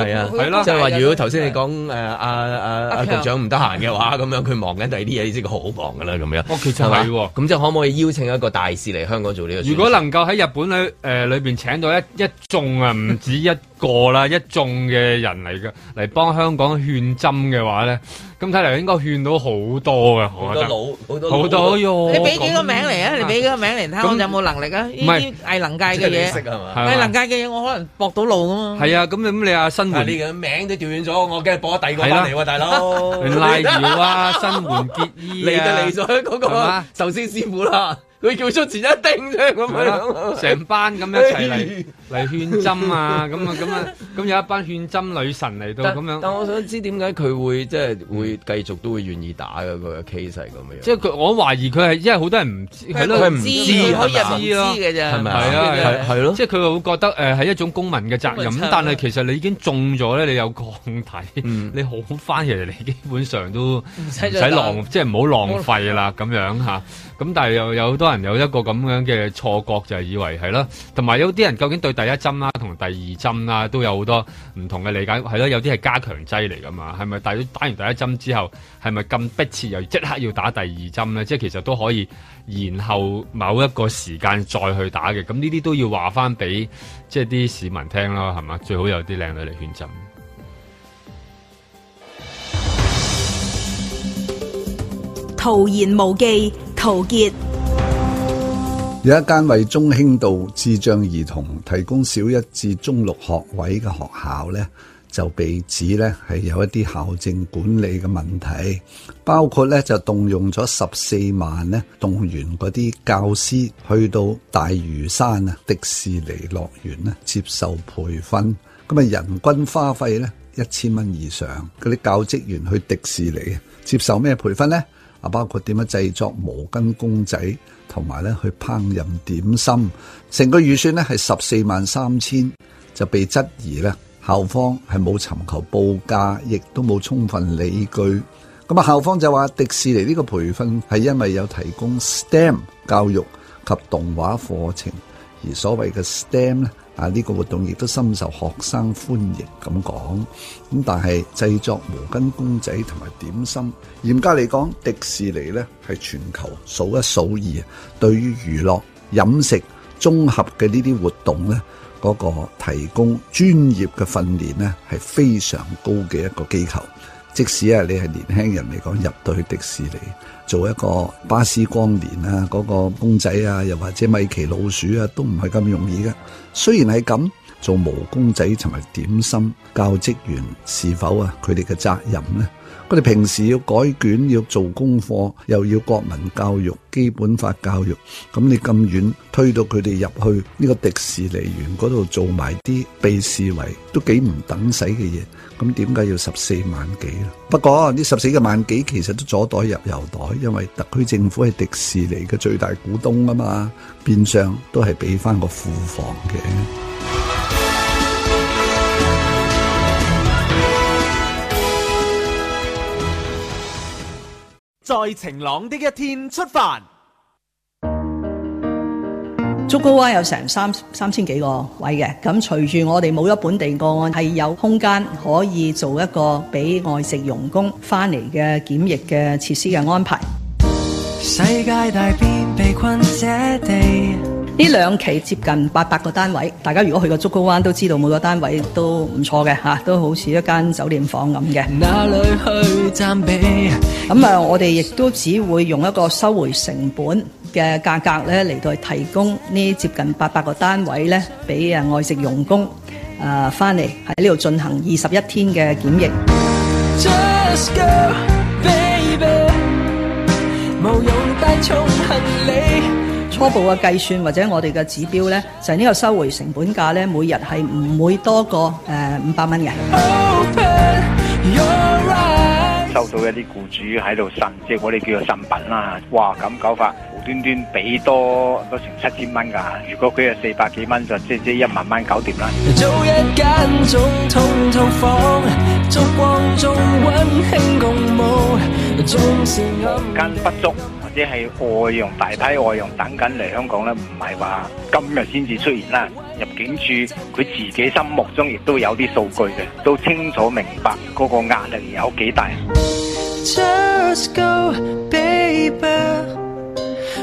係係啊，係啦，即係話如果頭先你講誒阿阿阿局長唔得閒嘅話，咁樣佢忙緊第二啲嘢，你已經好忙㗎啦，咁樣，就係。我覺得係喎，咁即係可唔可以邀請一個大使嚟香港做呢個。如果能夠喺日本裏誒裏邊請到一一眾啊，唔止一個啦，一眾嘅人嚟嘅嚟幫香港勸針嘅話咧。咁睇嚟應該勸到好多嘅，好多老好多老，多老多老哦、你俾幾個名嚟啊？你俾幾個名嚟睇下我有冇能力啊？唔係藝能界嘅嘢，藝能界嘅嘢我可能搏到路咁嘛？係啊，咁咁你阿新垣啲嘅名都調轉咗，我梗係搏第二個翻嚟大佬。拉搖啊，啊啊新垣結衣、啊、你就嚟咗嗰個壽司師傅啦。你叫出前一丁啫，咁樣成班咁一齊嚟嚟勸針啊，咁啊咁啊，咁有一班勸針女神嚟到咁樣。但我想知點解佢會即係會繼續都會願意打嘅個 case 咁樣。即係佢，我懷疑佢係因為好多人唔知，係咯，唔知，佢又唔知嘅咋，係咪啊？係係咯。即係佢會覺得誒係一種公民嘅責任，但係其實你已經中咗咧，你有抗體，你好翻，其實你基本上都唔使浪，即係唔好浪費啦，咁樣吓。咁但係又有好多人有一個咁樣嘅錯覺，就係以為係咯，同埋有啲人究竟對第一針啦同第二針啦都有好多唔同嘅理解，係咯，有啲係加強劑嚟噶嘛，係咪？但係打完第一針之後，係咪咁迫切又即刻要打第二針呢？即係其實都可以，然後某一個時間再去打嘅。咁呢啲都要話翻俾即係啲市民聽囉，係嘛？最好有啲靚女嚟勸針。童言無忌。陶傑有一間為中輕度智障兒童提供小一至中六學位嘅學校呢，就被指呢係有一啲校政管理嘅問題，包括呢就動用咗十四萬咧，動員嗰啲教師去到大嶼山啊、迪士尼樂園接受培訓，咁啊人均花費呢一千蚊以上，嗰啲教職員去迪士尼接受咩培訓呢？啊，包括點樣製作毛巾公仔，同埋咧去烹飪點心，成個預算呢係十四萬三千，就被質疑咧，校方係冇尋求報價，亦都冇充分理據。咁啊，校方就話迪士尼呢個培訓係因為有提供 STEM 教育及動畫課程，而所謂嘅 STEM 咧。啊！呢個活動亦都深受學生歡迎，咁講咁，但係製作毛巾公仔同埋點心，嚴格嚟講，迪士尼呢係全球數一數二，對於娛樂飲食綜合嘅呢啲活動呢，嗰個提供專業嘅訓練呢係非常高嘅一個機構。即使係你係年輕人嚟講入到去迪士尼。做一個巴斯光年啊，嗰個公仔啊，又或者米奇老鼠啊，都唔係咁容易嘅。雖然係咁做毛公仔，同埋點心，教職員是否啊佢哋嘅責任呢？佢哋平時要改卷，要做功課，又要國民教育、基本法教育，咁你咁遠推到佢哋入去呢個迪士尼園嗰度做埋啲被視為都幾唔等使嘅嘢。咁點解要十四萬幾咧？不過呢十四個萬幾其實都左袋入右，右袋，因為特區政府係迪士尼嘅最大股東，啊嘛，變相都係俾翻個庫房嘅。在晴朗的一天出發。竹篙灣有成三,三千多個位嘅，咁隨住我哋冇咗本地個案，係有空間可以做一個俾外籍傭工翻嚟嘅檢疫嘅設施嘅安排。世界大變，被困這地。呢兩期接近八百個單位，大家如果去過竹篙灣都知道每個單位都唔錯嘅，啊，都好似一間酒店房咁嘅。哪裏去暫避，呃，我哋亦都只會用一個收回成本嘅價格咧，嚟到提供呢，接近八百個單位咧，俾啊外籍傭工返翻嚟喺呢度進行二十一天嘅檢疫。初步嘅計算或者我哋嘅指標咧，就係呢個收回成本價咧，每日係唔會多過五百蚊嘅。Open your eyes。收到一啲僱主喺度呻，即係我哋叫做呻品啦。哇，咁搞法！端端俾多多成七千蚊噶，如果佢係四百幾蚊，就即即一萬蚊搞掂啦。做一間總統套房，房間不足或者係外傭大批外傭等緊嚟香港咧，唔係話今日先至出現啦。入境處佢自己心目中亦都有啲數據嘅，都清楚明白嗰個壓力有幾大。Just go, baby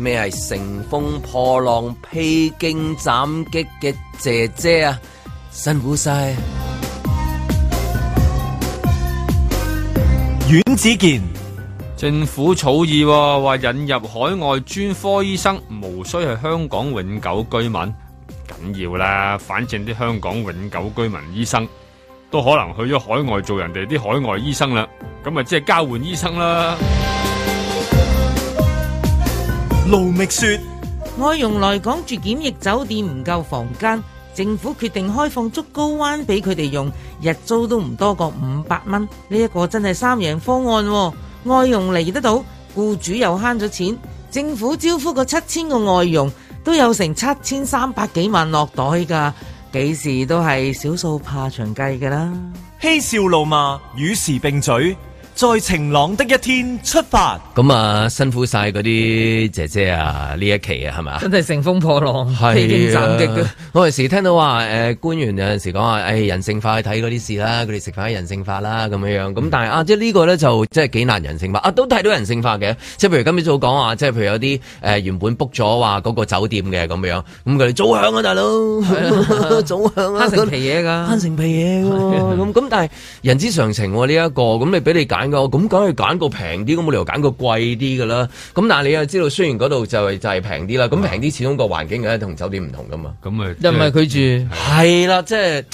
咩係乘風破浪披荊斬棘嘅姐姐啊？辛苦晒。阮子健，政府草擬話引入海外專科醫生，無需係香港永久居民，緊要啦。反正啲香港永久居民醫生都可能去咗海外做人哋啲海外醫生啦，咁啊即係交換醫生啦。盧覓雪：外傭來港住檢疫酒店唔夠房間，政府決定開放竹篙灣俾佢哋用，日租都唔多過五百蚊。呢一個真係三贏方案，外傭嚟得到，僱主又慳咗錢，政府招呼個七千個外傭都有成七千三百幾萬落袋噶，幾時都係少數怕長計噶啦。嬉笑怒罵，與時並嘴。在晴朗的一天出發。咁啊，辛苦晒嗰啲姐姐啊，呢一期啊，係咪？真係乘風破浪，披荊斬棘。我有時聽到話，誒、呃，官員有陣時講話，誒、哎，人性化去睇嗰啲事啦，佢哋食飯啲人性化啦，咁樣樣。咁但係啊，即係呢個咧就即係幾難人性化。啊，都睇到人性化嘅，即係譬如今朝早講話，即係譬如有啲誒、呃、原本 book 咗話嗰個酒店嘅咁樣，咁佢哋早響啊，大佬，早響啊，慳、啊、成皮嘢噶，慳成皮嘢。咁咁、啊，但係人之常情呢、啊、一,一個，咁你俾你揀。咁梗係揀個平啲，咁冇理由揀個貴啲噶啦。咁但係你又知道，雖然嗰度就係就係平啲啦，咁平啲始終個環境梗係同酒店唔同噶嘛。咁咪又唔係佢住，係啦，即係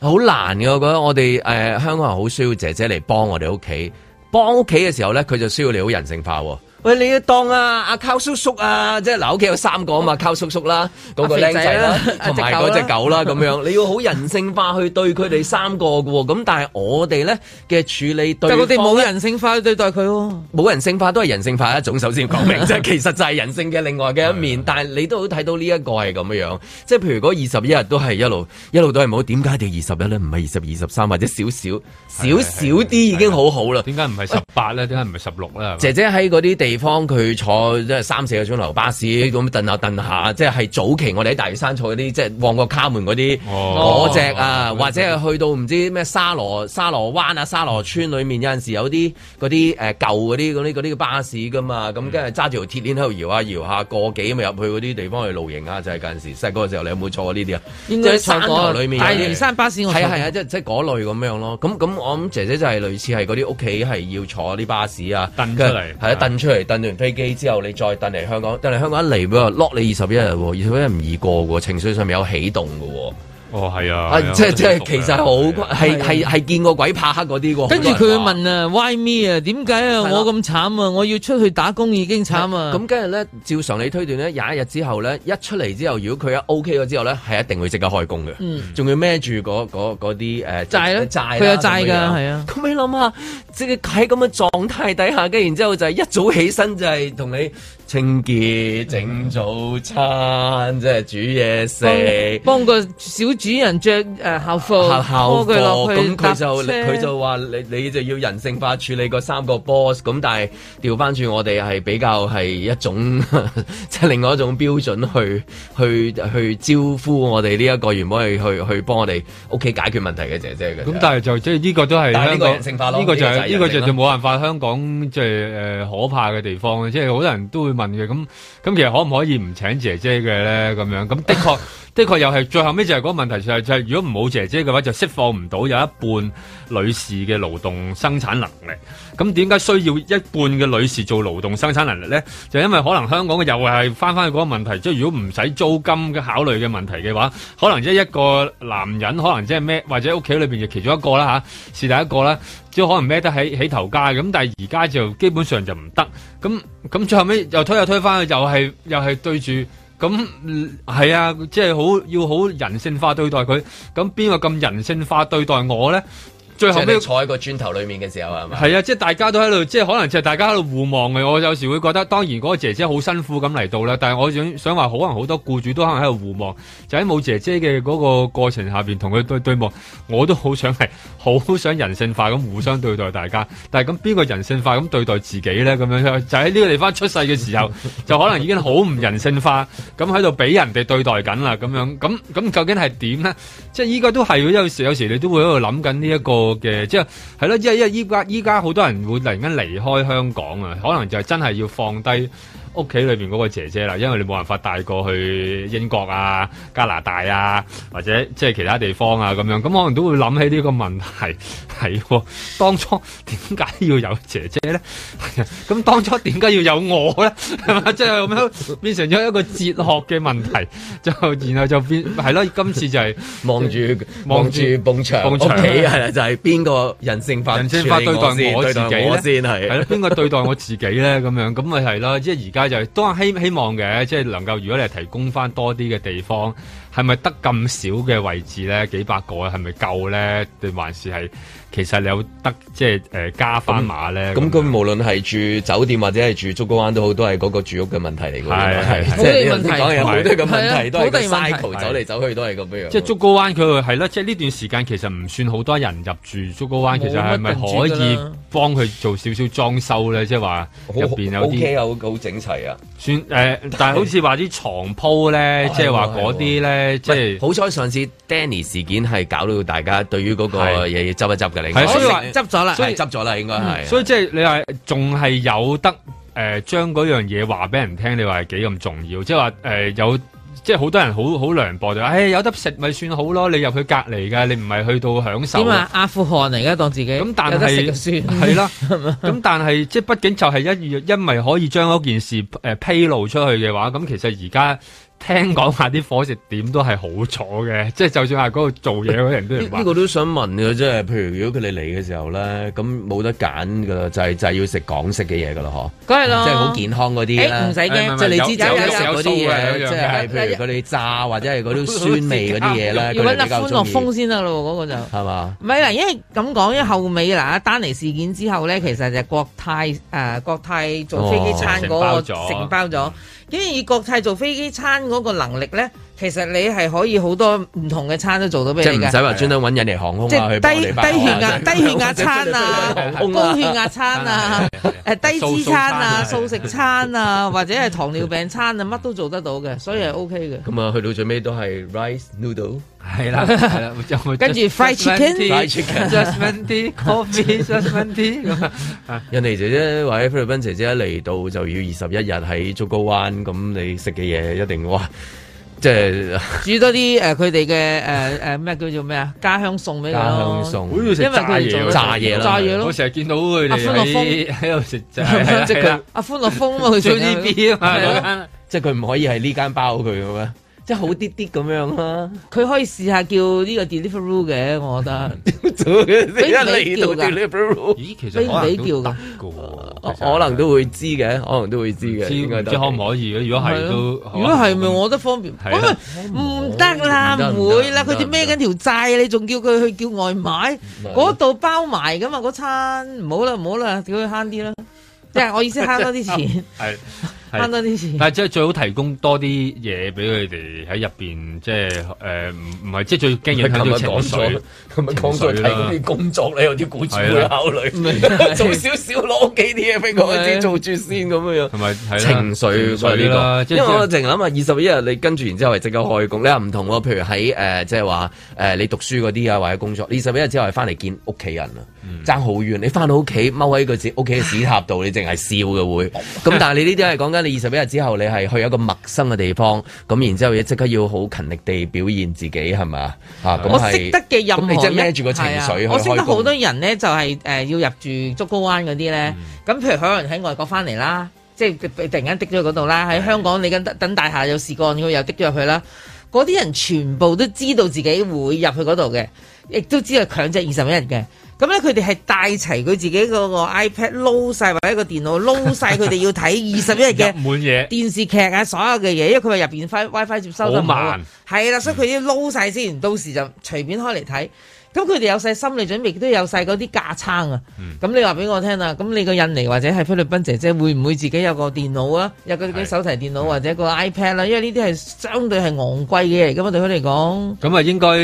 好難㗎。我覺得我哋誒、呃、香港人好需要姐姐嚟幫我哋屋企，幫屋企嘅時候咧，佢就需要你好人性化。喂，你要當啊阿溝叔叔啊，即係嗱屋企有三個啊嘛，溝叔叔啦，嗰個靚仔啦，同埋嗰隻狗啦，咁樣你要好人性化去對佢哋三個㗎喎。咁但係我哋咧嘅處理對，佢哋就係佢哋冇人性化去對待佢，冇人性化都係人性化一種，首先講明即係其實就係人性嘅另外嘅一面。但係你都好睇到呢一個係咁樣，即係譬如嗰二十一日都係一路一路都係冇。點解就二十一咧？唔係二十二、二十三或者少少少少啲已經好好啦。點解唔係十八咧？點解唔係十六咧？姐姐喺嗰啲地地方佢坐即係三四個鐘頭巴士咁蹬下蹬下，即係早期我哋喺大嶼山坐嗰啲，即係旺角卡門嗰啲嗰隻啊，哦哦、或者係去到唔知咩沙螺沙螺灣啊，沙螺村裏面有有，有陣時有啲嗰啲誒舊嗰啲嗰啲啲巴士噶嘛，咁跟住揸住條鐵鏈喺度搖下搖下，個、啊啊、幾咪、啊、入去嗰啲地方去露營啊，就係嗰陣時細個時候，你有冇坐過呢啲啊？應該 即係山塘裏面大嶼山巴士我坐，係係啊，即即嗰類咁樣咯。咁咁我諗姐姐就係類似係嗰啲屋企係要坐啲巴士啊，蹬出嚟，係啊，蹬出嚟。你登完飛機之後，你再登嚟香港，登嚟香港一嚟喎，lock 你二十一日喎，二十一日唔易過喎，情緒上面有起動嘅。哦，係啊，即係即係，其實好係係係見過鬼怕黑嗰啲喎。跟住佢問啊，Why me 啊？點解啊？我咁慘啊？我要出去打工已經慘啊！咁跟住咧，照常理推斷咧，廿一日之後咧，一出嚟之後，如果佢一 OK 咗之後咧，係一定會即刻開工嘅。嗯，仲要孭住嗰嗰嗰啲誒債咧債佢有債㗎，係啊。咁你諗下，即係喺咁嘅狀態底下嘅，然之後就係一早起身就係同你。清潔、整早餐，即係煮嘢食，幫個小主人着誒、呃、校服、校服咯。咁佢就佢就話你你就要人性化處理個三個 boss。咁但係調翻轉，我哋係比較係一種即係、就是、另外一種標準去去去招呼我哋呢一個原本係去去幫我哋屋企解決問題嘅姐姐嘅。咁、就是、但係就即係呢個都係，呢個人性化咯。呢個就呢個就就冇辦法。香港即係誒可怕嘅地方，即係好多人都會問。問嘅咁咁，其實可唔可以唔請姐姐嘅咧？咁樣，咁的確的確又係最後尾就係嗰個問題，就係就係如果唔冇姐姐嘅話，就釋放唔到有一半女士嘅勞動生產能力。咁點解需要一半嘅女士做勞動生產能力咧？就因為可能香港嘅又係翻翻去嗰個問題，即係如果唔使租金嘅考慮嘅問題嘅話，可能即係一個男人，可能即係咩，或者屋企裏面嘅其中一個啦吓、啊，是第一個啦，即係可能孭得喺起，起頭家。咁但係而家就基本上就唔得。咁咁最後尾又推又推翻去，又係又係對住咁係啊，即係好要好人性化對待佢。咁邊個咁人性化對待我咧？最後都坐喺個磚頭裏面嘅時候係咪？係啊，即係大家都喺度，即係可能就係大家喺度互望嘅。我有時會覺得，當然嗰個姐姐好辛苦咁嚟到啦。但係我想想話，可能好多僱主都可能喺度互望，就喺冇姐姐嘅嗰個過程下邊同佢對對，對望。我都好想係好想人性化咁互相對待大家。但係咁邊個人性化咁對待自己咧？咁樣就喺呢個地方出世嘅時候， 就可能已經好唔人性化咁喺度俾人哋對待緊啦。咁樣咁咁究竟係點咧？即係依家都係，有時有時你都會喺度諗緊呢一個。嘅，即係係咯，即係因為依家依家好多人會突然間離開香港啊，可能就係真係要放低。屋企裏邊嗰個姐姐啦，因為你冇辦法帶過去英國啊、加拿大啊，或者即係其他地方啊咁樣，咁可能都會諗起呢個問題，係當初點解要有姐姐咧？係咁當初點解要有我咧？係嘛，即係咁樣變成咗一個哲學嘅問題。就然後就變係咯，今次就係望住望住蹦牆蹦牆屋企係啦，就係邊個人性化？人性化對待我，對待我先係係咯，邊個對待我自己咧？咁樣咁咪係啦，即係而家。就都係希希望嘅，即係能夠如果你係提供翻多啲嘅地方，係咪得咁少嘅位置咧？幾百個呢，係咪夠咧？定還是係？其實有得即係誒加翻碼咧，咁佢無論係住酒店或者係住竹篙灣都好，都係嗰個住屋嘅問題嚟嘅。係即係問題係好多個問題，都係，土地 cycle 走嚟走去都係咁樣。即係竹篙灣佢係咯，即係呢段時間其實唔算好多人入住竹篙灣，其實係咪可以幫佢做少少裝修咧？即係話入邊有啲有好整齊啊。算誒，但係好似話啲床鋪咧，即係話嗰啲咧，即係好彩上次 Danny 事件係搞到大家對於嗰個嘢要執一執。係所以話執咗啦，所以執咗啦，應該係。所以即係你話仲係有得誒，將嗰樣嘢話俾人聽，你話係幾咁重要？即係話誒，有即係好多人好好涼薄就話，誒有得食咪算好咯。你入去隔籬噶，你唔係去到享受。點啊？阿富汗嚟噶，當自己咁，但係係啦。咁吧但係即係，畢竟就係因為可以將嗰件事誒披露出去嘅話，咁其實而家。聽講話啲伙食點都係好咗嘅，即係就算係嗰度做嘢嗰啲人都呢個都想問嘅，即係譬如如果佢哋嚟嘅時候咧，咁冇得揀噶啦，就係就係要食港式嘅嘢噶咯嗬，梗係即係好健康嗰啲啦，唔使驚，即你知有有有有啲嘢，即係譬如佢哋炸或者係嗰啲酸味嗰啲嘢咧，要揾下歡樂風先啦，咯嗰個就係嘛？唔係嗱，因為咁講，因為後尾嗱，丹尼事件之後咧，其實就國泰誒國泰做飛機餐嗰個承包咗。因為以國泰做飛機餐嗰個能力咧，其實你係可以好多唔同嘅餐都做到咩嘅？即係唔使話專登揾人嚟航空，即係低低血壓、低血壓餐啊，高血壓餐啊，誒低脂餐啊、素食餐啊，或者係糖尿病餐啊，乜都做得到嘅，所以係 OK 嘅。咁啊，去到最尾都係 rice noodle。係啦，跟住 fried chicken，twenty j coffee，twenty j 咁印尼姐姐或者菲律賓姐姐一嚟到就要二十一日喺竹篙灣，咁你食嘅嘢一定哇，即係煮多啲誒佢哋嘅誒誒咩叫做咩啊？家鄉餸俾你，家鄉餸，因為佢哋做炸嘢炸嘢咯。我成日見到佢哋喺度食炸，即係阿阿歡樂風啊，佢做呢啲啊嘛，即係佢唔可以喺呢間包佢嘅咩？即係好啲啲咁樣啦，佢可以試下叫呢個 delivery 嘅，我覺得。俾尾叫噶？咦，其實俾叫噶？可能都會知嘅，可能都會知嘅。知唔可唔可以？如果係都，如果係咪？我覺得方便。喂，唔得啦，唔會啦。佢哋孭緊條債，你仲叫佢去叫外賣？嗰度包埋噶嘛？嗰餐唔好啦，唔好啦，叫佢慳啲啦。即係我意思，慳多啲錢。慳多啲錢，但係即係最好提供多啲嘢俾佢哋喺入邊，即係誒，唔係，係即係最驚嘅就係情緒，情咁嘅工作你有啲顧住會考慮做少少攞屋企啲嘢俾佢啲做住先咁樣樣，係情緒喺呢個因為我淨係諗啊，二十一日你跟住，然之後係即刻開工。你話唔同喎？譬如喺誒，即係話誒，你讀書嗰啲啊，或者工作二十一日之後係翻嚟見屋企人啊，爭好遠。你翻到屋企踎喺個屋企嘅屎塔度，你淨係笑嘅會。咁但係你呢啲係講緊。你二十一日之後，你係去一個陌生嘅地方，咁然之後，你即刻要好勤力地表現自己，係咪的啊？啊，咁我識得嘅任何，咁你即孭住個情緒的，工我識得好多人咧，就係、是、誒、呃、要入住竹篙灣嗰啲咧。咁、嗯、譬如可能喺外國翻嚟啦，即係突然間滴咗去嗰度啦，喺香港的你跟等大下有事幹，佢又滴咗入去啦。嗰啲人全部都知道自己會入去嗰度嘅，亦都知道強制二十一日嘅。咁咧，佢哋係帶齊佢自己嗰個 iPad 撈晒，或者個電腦撈晒。佢哋要睇二十一日嘅電視劇啊，所有嘅嘢，因為佢話入邊 WiFi 接收得唔好。係啦慢，所以佢要撈晒先，嗯、到時就隨便開嚟睇。咁佢哋有晒心理準備，都有晒嗰啲架撐啊。咁你話俾我聽啊，咁你個印尼或者係菲律賓姐姐會唔會自己有個電腦啊？有個啲手提電腦或者個 iPad 啦，因為呢啲係相對係昂貴嘅，咁我對佢嚟講。咁啊，應該誒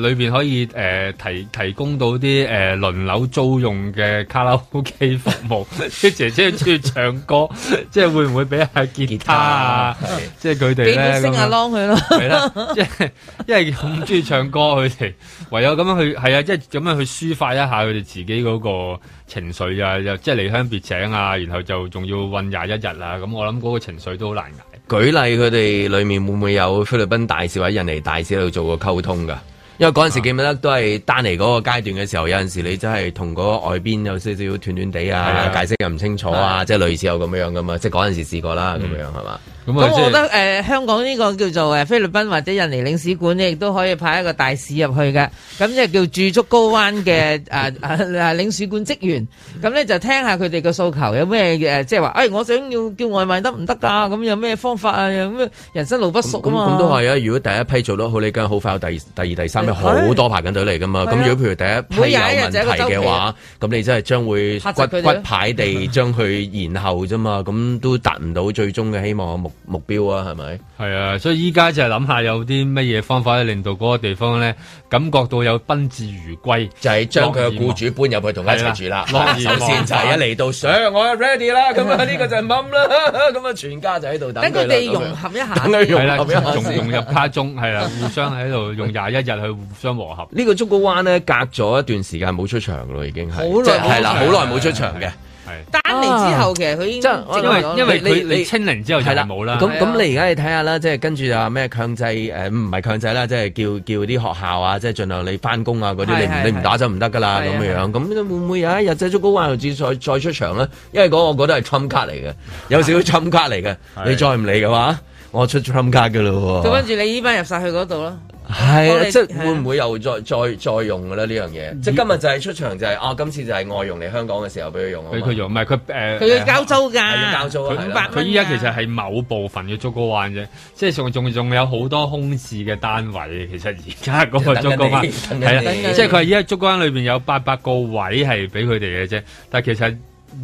裏邊可以誒提提供到啲誒輪流租用嘅卡拉 OK 服務，啲姐姐中意唱歌，即係會唔會俾下吉他啊？即係佢哋咧，升下籠，佢咯，係，即係因為咁中意唱歌，佢哋唯有。咁樣去係啊，即係咁樣去抒發一下佢哋自己嗰個情緒啊，又即係離鄉別井啊，然後就仲要混廿一日啊，咁我諗嗰個情緒都好難挨。舉例佢哋裏面會唔會有菲律賓大使或者印尼大使度做過溝通噶？因為嗰陣時記得都係單嚟嗰個階段嘅時候，啊、有陣時你真係同嗰外邊有少少斷斷地啊，是啊解釋又唔清楚啊，是啊即係類似有咁樣㗎嘛，即係嗰陣時試過啦，咁、嗯、樣係嘛。咁、就是、我覺得誒、呃、香港呢個叫做誒菲律賓或者印尼領事館咧亦都可以派一個大使入去嘅。咁即係叫駐足高灣嘅誒誒領事館職員，咁咧就聽下佢哋嘅訴求，有咩誒即係話誒我想要叫外賣得唔得啊？咁有咩方法啊？有人生路不熟啊嘛。咁咁都係啊！如果第一批做得好，你梗係好快有第二第二、第三，有好多排緊隊嚟噶嘛。咁、哎、如果譬如第一批有問題嘅話，咁、啊就是、你真係將會骨骨牌地將佢延後啫嘛。咁的都達唔到最終嘅希望目標啊，係咪？係啊，所以依家就係諗下有啲乜嘢方法令到嗰個地方咧感覺到有賓至如歸，就係將佢嘅雇主搬入去同佢一齊住啦，當然啦，善哉，嚟、啊、 到上、哎、我 ready 啦，咁啊呢個就係冧啦，咁啊全家就喺度等，等佢哋融合一下，係啦、啊，融融入家中，係啦、啊，互相喺度用廿一日去互相和合。這個呢個竹古灣咧，隔咗一段時間冇出場咯，已經係，即係啦，好耐冇出場嘅。係，單嚟之後其實佢因因為因為你清零之後就冇啦。咁咁你而家你睇下啦，即係跟住就話咩強制誒，唔係強制啦，即係叫叫啲學校啊，即係盡量你翻工啊嗰啲，你你唔打就唔得噶啦咁樣樣。咁會唔會有一日再足高游志再再出場咧？因為嗰個我覺得係 Trump 卡嚟嘅，有少少 Trump 卡嚟嘅。你再唔理嘅話，我出 Trump 卡噶咯。咁跟住你依班入晒去嗰度咯。係，即係、啊就是、會唔會又再再再用嘅咧？呢樣嘢，即係今日就係出場就係、是，哦、啊，今次就係外傭嚟香港嘅時候俾佢用，俾佢用，唔係佢誒，佢、呃、要交租㗎、哎呀，係交租五百，佢依家其實係某部分嘅竹篙灣啫，即係仲仲仲有好多空置嘅單位，其實而家嗰個竹篙灣即係佢依家竹篙灣裏邊有八百個位係俾佢哋嘅啫，但係其實，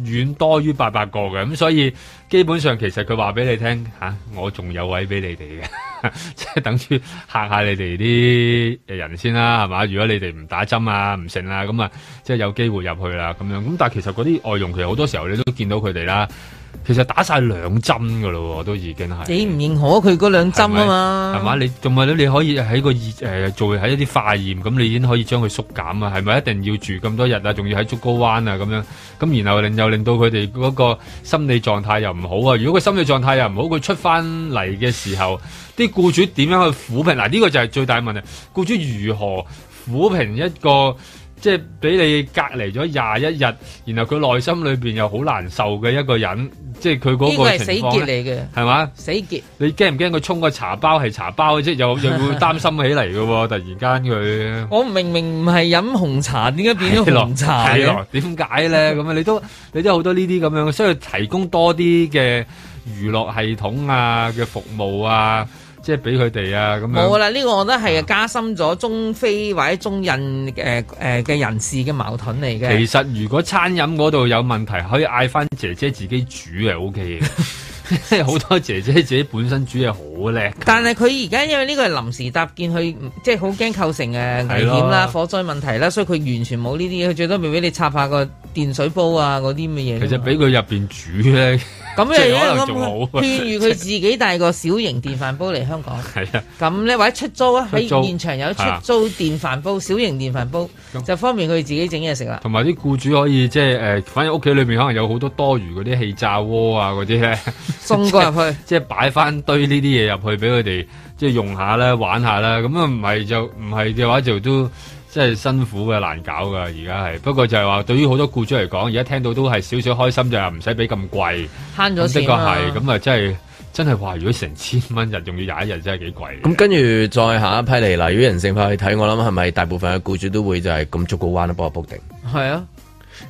遠多於八百個嘅，咁所以基本上其實佢話俾你聽吓，啊，我仲有位俾你哋嘅，即係、就是、等於吓吓你哋啲誒人先啦，係嘛？如果你哋唔打針啊，唔成啊咁啊，即係有機會入去啦，咁樣。咁但係其實嗰啲外傭其實好多時候你都見到佢哋啦。其實打晒兩針噶咯，都已經係。你唔認可佢嗰兩針啊嘛？係嘛？你仲咪你可以喺個誒、呃，做喺一啲化驗，咁你已經可以將佢縮減啊？係咪一定要住咁多日啊？仲要喺竹篙灣啊？咁樣咁，樣然後令又令到佢哋嗰個心理狀態又唔好啊！如果個心理狀態又唔好，佢出翻嚟嘅時候，啲僱主點樣去撫平？嗱、啊、呢、這個就係最大嘅問題。僱主如何撫平一個？即係俾你隔離咗廿一日，然後佢內心裏邊又好難受嘅一個人，即係佢嗰個情況，呢個係死結嚟嘅，係嘛？死，吧死結。你驚唔驚佢沖個茶包係茶包即係又又會擔心起嚟嘅喎？ 突然間佢。我明明唔係飲紅茶，點解變咗紅茶咧？點解咧？咁啊？你都你都好多呢啲咁樣，需要提供多啲嘅娛樂系統啊嘅服務啊。即係俾佢哋啊咁樣，冇啦！呢個我覺得係加深咗中非或者中印誒誒嘅人士嘅矛盾嚟嘅。其實如果餐飲嗰度有問題，可以嗌翻姐姐自己煮係 O K 嘅，即係好多姐姐自己本身煮嘢好。會靚，但係佢而家因為呢個係臨時搭建，佢即係好驚構成誒危險啦、的火災問題啦，所以佢完全冇呢啲嘢，佢最多咪俾你插下個電水煲啊，嗰啲乜嘢。其實俾佢入邊煮咧，咁樣 可能仲好。譬如佢自己帶個小型電飯煲嚟香港。係啊的，咁咧或者出租啊，喺現場有出租電飯煲、的小型電飯煲，就方便佢自己整嘢食啦。同埋啲僱主可以即係誒，反正屋企裏面可能有好多多餘嗰啲氣炸鍋啊嗰啲咧，送過入去，即係擺翻堆呢啲嘢。入去俾佢哋即係用下啦，玩下啦，咁啊唔係就唔係嘅話就都即係辛苦嘅，難搞噶。而家係不過就係話，對於好多雇主嚟講，而家聽到都係少少開心，啊，就係唔使俾咁貴，慳咗錢。的確係，咁啊真係真係話，如果成千蚊日用要廿一日，真係幾貴。咁跟住再下一批嚟，啦，如果人性化去睇，我諗係咪大部分嘅雇主都會就係咁轉個彎啦，幫我 book 定。係啊。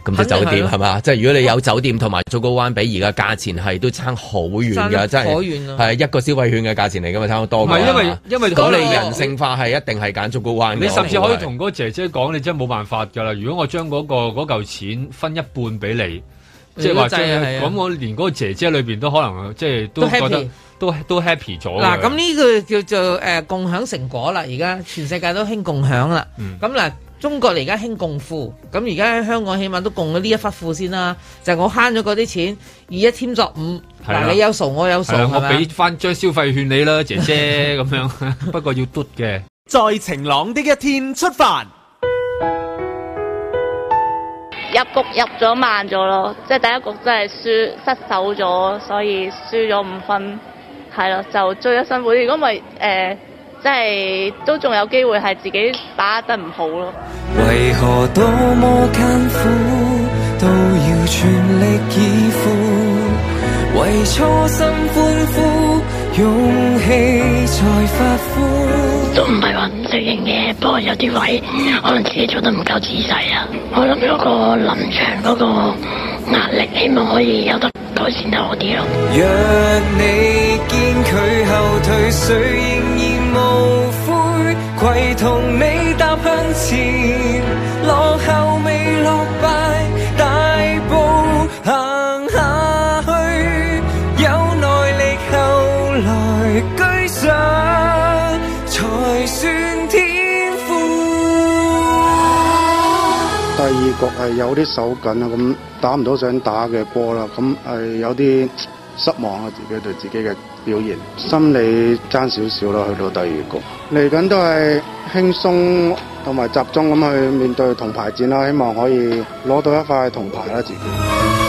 咁就酒店係嘛，即係如果你有酒店同埋竹篙灣，比而家價錢係都差好遠噶，真係係一個消費券嘅價錢嚟噶嘛，差好多。唔係因為因為你人性化係一定係揀竹篙灣。你甚至可以同嗰個姐姐講，你真係冇辦法噶啦！如果我將嗰個嗰嚿錢分一半俾你，即係話咁，我連嗰個姐姐裏邊都可能即係都覺得都都 happy 咗。嗱，咁呢個叫做誒共享成果啦！而家全世界都興共享啦，咁嗱。中國嚟而家興共富，咁而家喺香港起碼都共咗呢一忽富先啦、啊。就係、我慳咗嗰啲錢，二一添作五。嗱的、啊，你有數我有數，我俾翻張消費券你啦，姐姐咁 樣。不過要嘟嘅。 在晴朗的一天出發。入局入咗慢咗咯，即係第一局真係輸失手咗，所以輸咗五分。係咯，就追咗辛苦。如果唔係誒。即係都仲有機會，係自己把握得唔好咯。為何多麼艱苦都要全力以赴，為初心歡呼，勇氣才髮膚。都唔係話唔適應嘅，不過有啲位可能自己做得唔夠仔細啊。我諗嗰個臨場嗰個壓力，希望可以有得改善得好啲咯。若你堅拒後退，水。攜同你踏向前，落後未落敗，大步行下去，有耐力後來居上，才算天賦。第二局係有啲手緊呀，噉打唔到想打嘅波喇。噉係有啲失望呀，自己對自己嘅。表現心理爭少少咯，去到第二局嚟緊都係輕鬆同埋集中咁去面對銅牌戰啦，希望可以攞到一塊銅牌啦自己。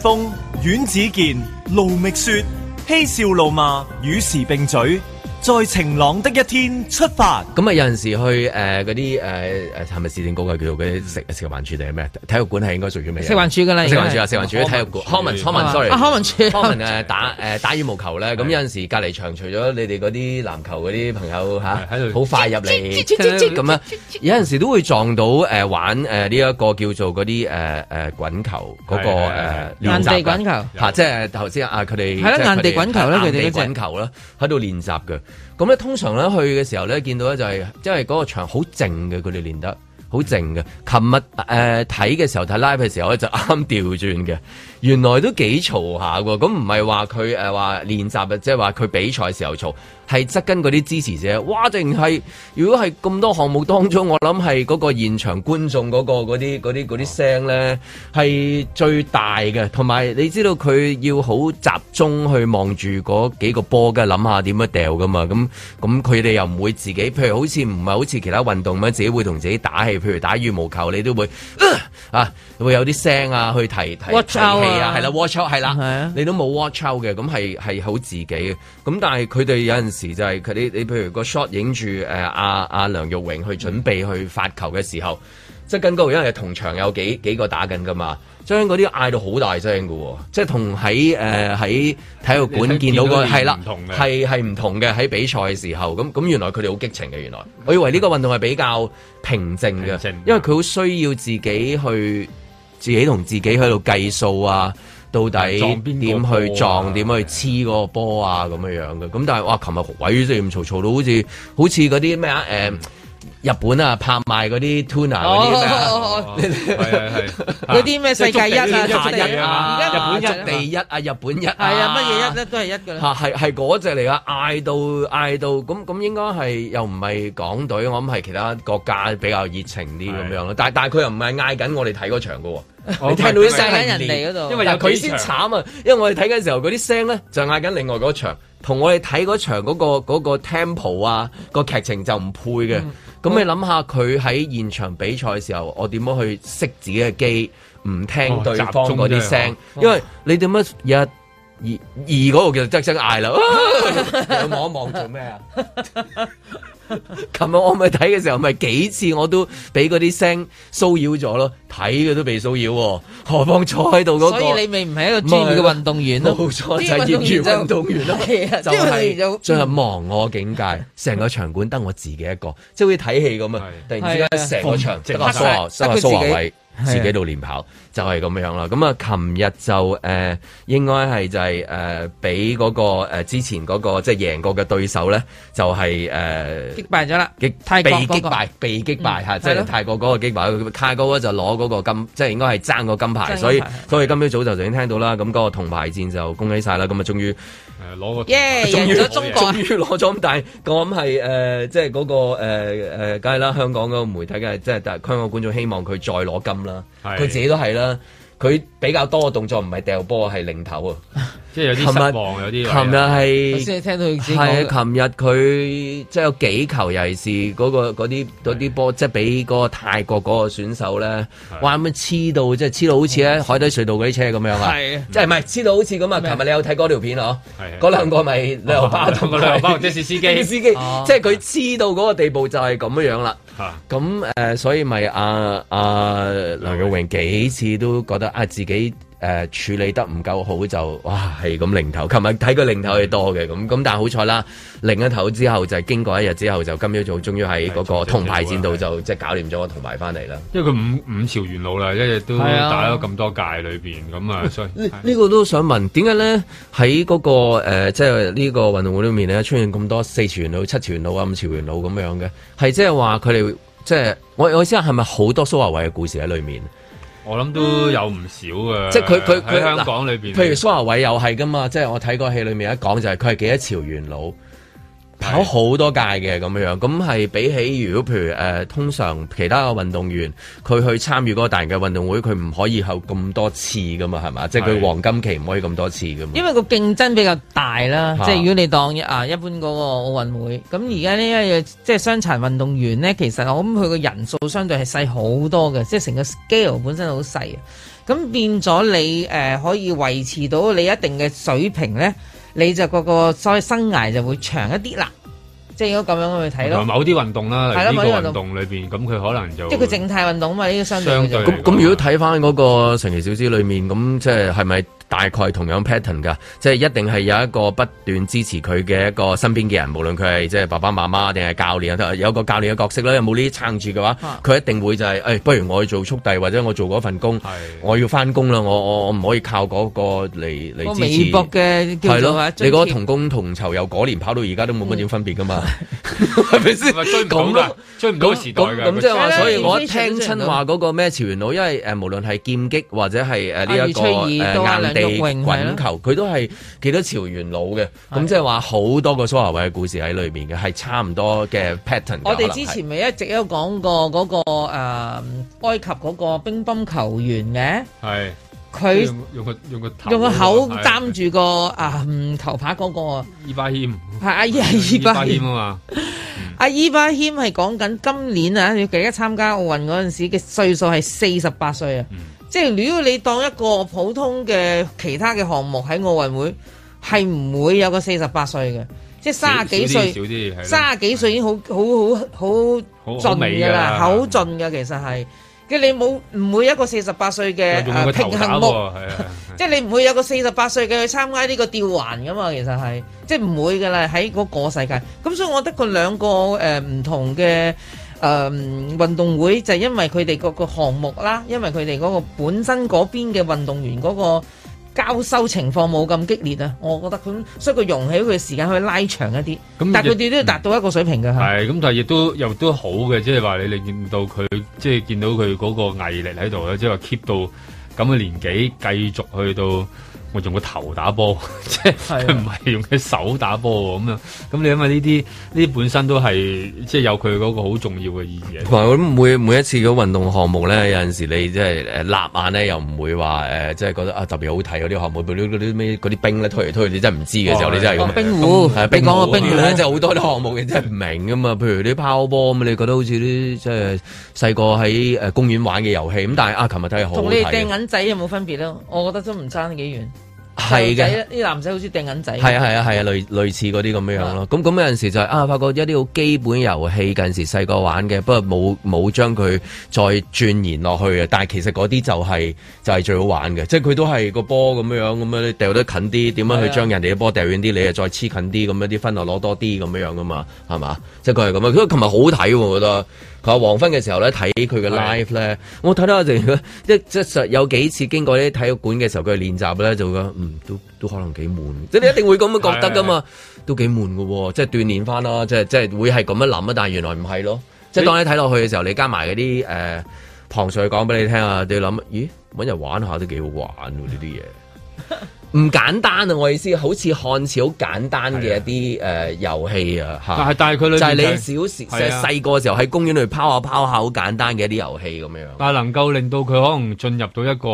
風阮子健盧覓雪，嬉笑怒罵與時並嘴。在晴朗的一天出發。咁啊，有陣時去誒嗰啲誒誒係咪市政局啊？叫做嗰啲食食環處定係咩體育館係應該屬於咩？食環處㗎啦，食環處啊，食環處嘅體育館。康文康文 sorry 康文打誒打羽毛球咧，咁有陣時隔離場，除咗你哋嗰啲籃球嗰啲朋友吓，喺度好快入嚟咁啊！有陣時都會撞到誒玩呢一個叫做嗰啲誒誒滾球嗰個誒練習滾球吓，即係頭先啊佢哋係啦，硬地滾球咧，佢哋啲滾球啦，喺度練習嘅。咁咧通常咧去嘅時候咧，見到咧就係、是，因為嗰個場好靜嘅，佢哋練得好靜嘅。琴日誒睇嘅時候睇 live 嘅時候咧，就啱啱調轉嘅。原來都幾嘈下喎，咁唔係話佢誒話練習啊，即係話佢比賽時候嘈，係側跟嗰啲支持者，哇！定係如果係咁多項目當中，我諗係嗰個現場觀眾嗰個嗰啲嗰啲嗰啲聲咧係最大嘅，同埋你知道佢要好集中去望住嗰幾個波嘅，諗下點樣掉噶嘛，咁咁佢哋又唔會自己，譬如好似唔係好似其他運動咁，自己會同自己打氣，譬如打羽毛球你都會、呃、啊，會有啲聲啊去提提，提，提氣係啊，係啦、啊、，watch out，係啦、啊，係啊、你都冇 watch out 嘅，咁係係好自己嘅。咁但係佢哋有陣時就係佢哋，你，譬如個 shot 影住誒阿阿梁玉榮去準備去發球嘅時候，嗯、即係更高，因為同場有幾幾個打緊噶嘛，將嗰啲嗌到好大聲噶，即係同喺誒喺體育館看見到、嗰個係啦，係係唔同嘅喺比賽嘅時候，咁咁原來佢哋好激情嘅，原來我以為呢個運動係比較平靜嘅，靜因為佢好需要自己去。自己同自己喺度計數啊，到底點去撞點、啊、去黐嗰個波啊咁樣樣嘅，咁但係哇，琴日鬼死咁嘈，嘈到好似好似嗰啲咩啊誒日本啊，拍賣嗰啲 tuna 嗰啲嗰啲咩世界一啊，日本一啊日本一第一啊，日本一係啊，乜嘢一都係一噶啦，係係係嗰隻嚟噶，嗌到嗌到咁咁，應該係又唔係港隊，我諗係其他國家比較熱情啲咁樣咯。但係但係佢又唔係嗌緊我哋睇嗰場噶，你聽到啲聲喺人哋嗰度，因為佢先慘啊，因為我哋睇緊時候嗰啲聲咧就嗌緊另外嗰場，同我哋睇嗰場嗰個嗰個 temple 啊個劇情就唔配嘅。咁你諗下佢喺現場比賽嘅時候，我點樣去識自己嘅機，唔聽對方嗰啲聲，哦、因為你點樣 一二二嗰度叫側聲嗌喇，你望一望做咩啊？ 琴日我咪睇嘅時候，咪幾次我都俾嗰啲聲騷擾咗咯，睇嘅都被騷擾，何況坐喺度嗰個？所以你咪唔係一個專業嘅運動員咯？冇錯，就係專業運動員咯。其實就係進入忘我境界，成個場館得我自己一個，即係好似睇戲咁啊！突然之間，成個場即係蘇華，蘇華位。自己度連跑是的 就係咁樣啦，咁、嗯、啊，琴日就誒、呃、應該係就係誒俾嗰個、呃、之前嗰、那個即係、就是、贏過嘅對手咧，就係、是、誒、呃、擊敗咗啦，被擊敗被擊敗被、嗯啊就是、擊敗嚇，即係對的 泰國嗰個、就是、個金牌，泰國嗰就攞嗰個金，即係應該係爭個金牌，所以所以今日早就已經聽到啦，咁、那、嗰個銅牌戰就恭喜晒啦，咁啊，終於。誒攞個，終於攞咗，終於攞咗。但係我諗係即係嗰個誒梗係啦，香港嗰個媒體嘅，即係但係香港觀眾希望佢再攞金啦，佢的自己都係啦。佢比較多嘅動作唔係掉波，係擰頭啊！即係有啲失望，有啲。琴日係先聽到，係啊！琴日佢即係有幾球，尤其是嗰嗰啲嗰啲波，即係俾個個泰國嗰個選手咧，哇咁樣黐到，即係黐到好似喺海底隧道嗰啲車咁樣啊！係，即係唔係黐到好似咁啊？琴日你有睇嗰條片咯？係啊，嗰兩個咪旅遊巴同個旅遊巴即是司機司機即係佢黐到嗰個地步就係咁樣樣啦。.咁誒、呃，所以咪啊啊，梁玉榮幾次都覺得啊，自己。誒、呃、處理得唔夠好就哇係咁零頭，琴日睇個零頭係多嘅咁咁，嗯、但係好彩啦，另一頭之後就經過一日之後，就今朝早終於喺嗰個銅牌戰度就即係搞掂咗個銅牌翻嚟啦。因為佢五五朝元老啦，一日都打咗咁多屆裏面。咁啊的。呢呢個都想問，點解咧？喺嗰、那個、呃、即係呢個運動會裏面咧，出現咁多四朝元老、七朝元老啊、五朝元老咁樣嘅，係即係話佢哋即係我我知係咪好多蘇華偉嘅故事喺裏面？我諗都有唔少嘅、嗯，即係佢佢佢香港裏邊，譬如蘇華偉又係㗎嘛，即係我睇過戲裏面，一講就係佢係幾多朝元老。是跑好多屆嘅咁樣，咁係比起如果譬如誒、呃、通常其他嘅運動員，佢去參與嗰個大型嘅運動會，佢唔可以後咁多次噶嘛，係嘛？是即係佢黃金期唔可以咁多次噶嘛。因為個競爭比較大啦，啊、即係如果你當啊一,一般嗰個奧運會，咁而家呢一樣即係傷殘運動員呢，其實我諗佢個人數相對係細好多嘅，即係成個 scale 本身好細，咁變咗你誒可以維持到你一定嘅水平呢。你就個個所謂生涯就會長一啲啦，即係如果咁樣去睇咯。某啲運動啦，係囉，某啲運動裏邊，咁佢可能就即係佢靜態運動嘛，呢個相對咁咁。如果睇翻嗰個《神奇小子》裏面，咁即係係咪？大概同樣 pattern 㗎，即係一定係有一個不斷支持佢嘅一個身邊嘅人，無論佢係即係爸爸媽媽定係教練，有個教練嘅角色咧，有冇呢啲撐住嘅話，佢一定會就係，不如我去做速遞，或者我做嗰份工，我要翻工啦，我我我唔可以靠嗰個嚟嚟支持。係咯，你嗰個同工同酬由嗰年跑到而家都冇乜點分別㗎嘛？係咪先？追唔到，追唔到時代㗎。咁即係話，所以我一聽親話嗰個咩潮元佬，因為誒，無論係劍擊或者係誒呢一個誒硬。滾球，佢都係幾多朝元老嘅，咁即係話好多個蘇華偉嘅故事喺裏邊嘅，係差唔多嘅 pattern。我哋之前咪一直都講過嗰個誒埃及嗰個乒乓球員嘅，係佢用個用個用個口擔住個誒球拍嗰個伊巴謙，係阿伊巴謙啊嘛，阿伊巴謙係講緊今年啊要記得參加奧運嗰陣時嘅歲數係四十八歲啊。即係如果你當一個普通嘅其他嘅項目喺奧運會，係唔會有個四十八歲嘅，即係卅幾歲，卅幾歲已經的好好好好盡噶啦，好盡噶、啊、其實係，即係不你冇唔會一個四十八歲嘅平衡木，即係你唔會有個四十八歲嘅去參加呢個吊環噶嘛，其實係，即係唔會噶啦喺嗰個世界。咁所以我覺個，我覺得佢兩個誒唔同嘅。誒，嗯、運動會就係因為佢哋各個項目啦，因為佢哋個本身嗰邊嘅運動員嗰個交收情況冇咁激烈啊，我覺得佢所以佢容起佢時間可以拉長一啲，日但係佢哋都要達到一個水平嘅吓。係咁，但係亦都又都好嘅，即係話你令到佢，即係見到佢嗰個毅力喺度咧，即係話 keep 到咁嘅年紀繼續去到。我用個頭打波，即係唔係用嘅手打波喎？咁樣，咁你因為呢啲呢啲本身都係即係有佢嗰個好重要嘅意義。同埋我每每一次嘅運動項目咧，有陣時你即係誒立眼咧，又唔會話誒、呃、即係覺得啊特別好睇嗰啲項目，嗰啲嗰啲咩啲冰咧推嚟推，去，你真係唔知嘅時候，哇你真係咁、哦。冰壺，嗯、冰講湖個冰壺咧就好多啲項目，你真係唔明噶嘛？譬如啲拋波咁，你覺得好似啲即係細個喺誒公園玩嘅遊戲咁。但係啊，琴日睇好。同你掟銀仔有冇分別咧？我覺得都唔爭幾遠。係嘅，啲男仔好中意掟銀仔。係啊，係啊，係啊，類類，類似啲咁樣樣咯。咁咁的有陣時就啊，發覺一啲好基本遊戲近時細個玩嘅，不過冇冇將佢再鑽研落去啊。但係其實嗰啲就係、是、就係、是、最好玩嘅，即係佢都係個波咁樣樣，咁樣你掟得近啲，點樣去將人哋嘅波掟遠啲，的你又再黐近啲，咁樣啲分又攞多啲，咁樣樣噶嘛，係嘛？即係佢係咁樣，佢琴日好睇，我覺得。佢話黃昏嘅時候咧，睇佢嘅 live 咧的，我睇到有幾次經過啲體育館嘅時候，佢練習咧，就會覺得嗯都都可能幾悶， 即係你一定會咁樣覺得噶嘛，的都幾悶嘅喎，即係鍛鍊翻啦，即係即係會係咁樣諗啊，但係原來唔係咯，以即係當你睇落去嘅時候，你加埋啲誒龐 sir 講俾你聽啊，你諗，咦，揾人玩一下都幾好玩喎呢啲嘢。 唔簡單啊！我意思好似看似好簡單嘅一啲誒遊戲啊，吓！但係但係佢就係你小時即係細個時候喺公園裏拋拋下拋下好簡單嘅一啲遊戲咁樣。但係能夠令到佢可能進入到一個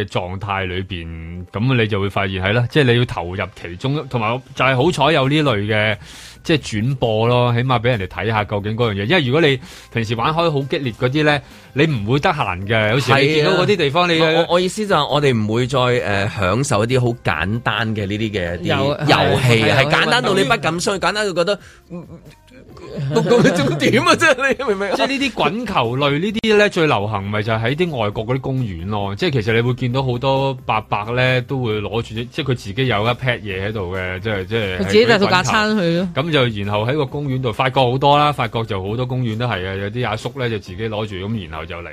嘅狀態裏面，咁你就會發現係啦，即係、啊就是、你要投入其中，同埋就係好彩有呢類嘅。即係轉播咯，起碼俾人哋睇下究竟嗰樣嘢。因為如果你平時玩開好激烈嗰啲咧，你唔會得閒嘅。有時你見到嗰啲地方，啊、你呢我我意思就係我哋唔會再誒、呃、享受一啲好簡單嘅呢啲嘅啲遊戲遊啊，係、啊啊啊啊啊啊啊、簡單到你不敢相信，簡單到覺得。嗯嗯碌到你仲點啊？即係你明唔明？即係呢啲滾球類呢啲咧最流行，咪就係喺啲外國嗰啲公園咯。即係其實你會見到好多伯伯咧都會攞住，即係佢自己有一 pad 嘢喺度嘅。即係即係佢自己帶套架撐去咯。咁就然後喺個公園度發覺好多啦，發覺就好多公園都係啊。有啲阿叔咧就自己攞住咁，然後就嚟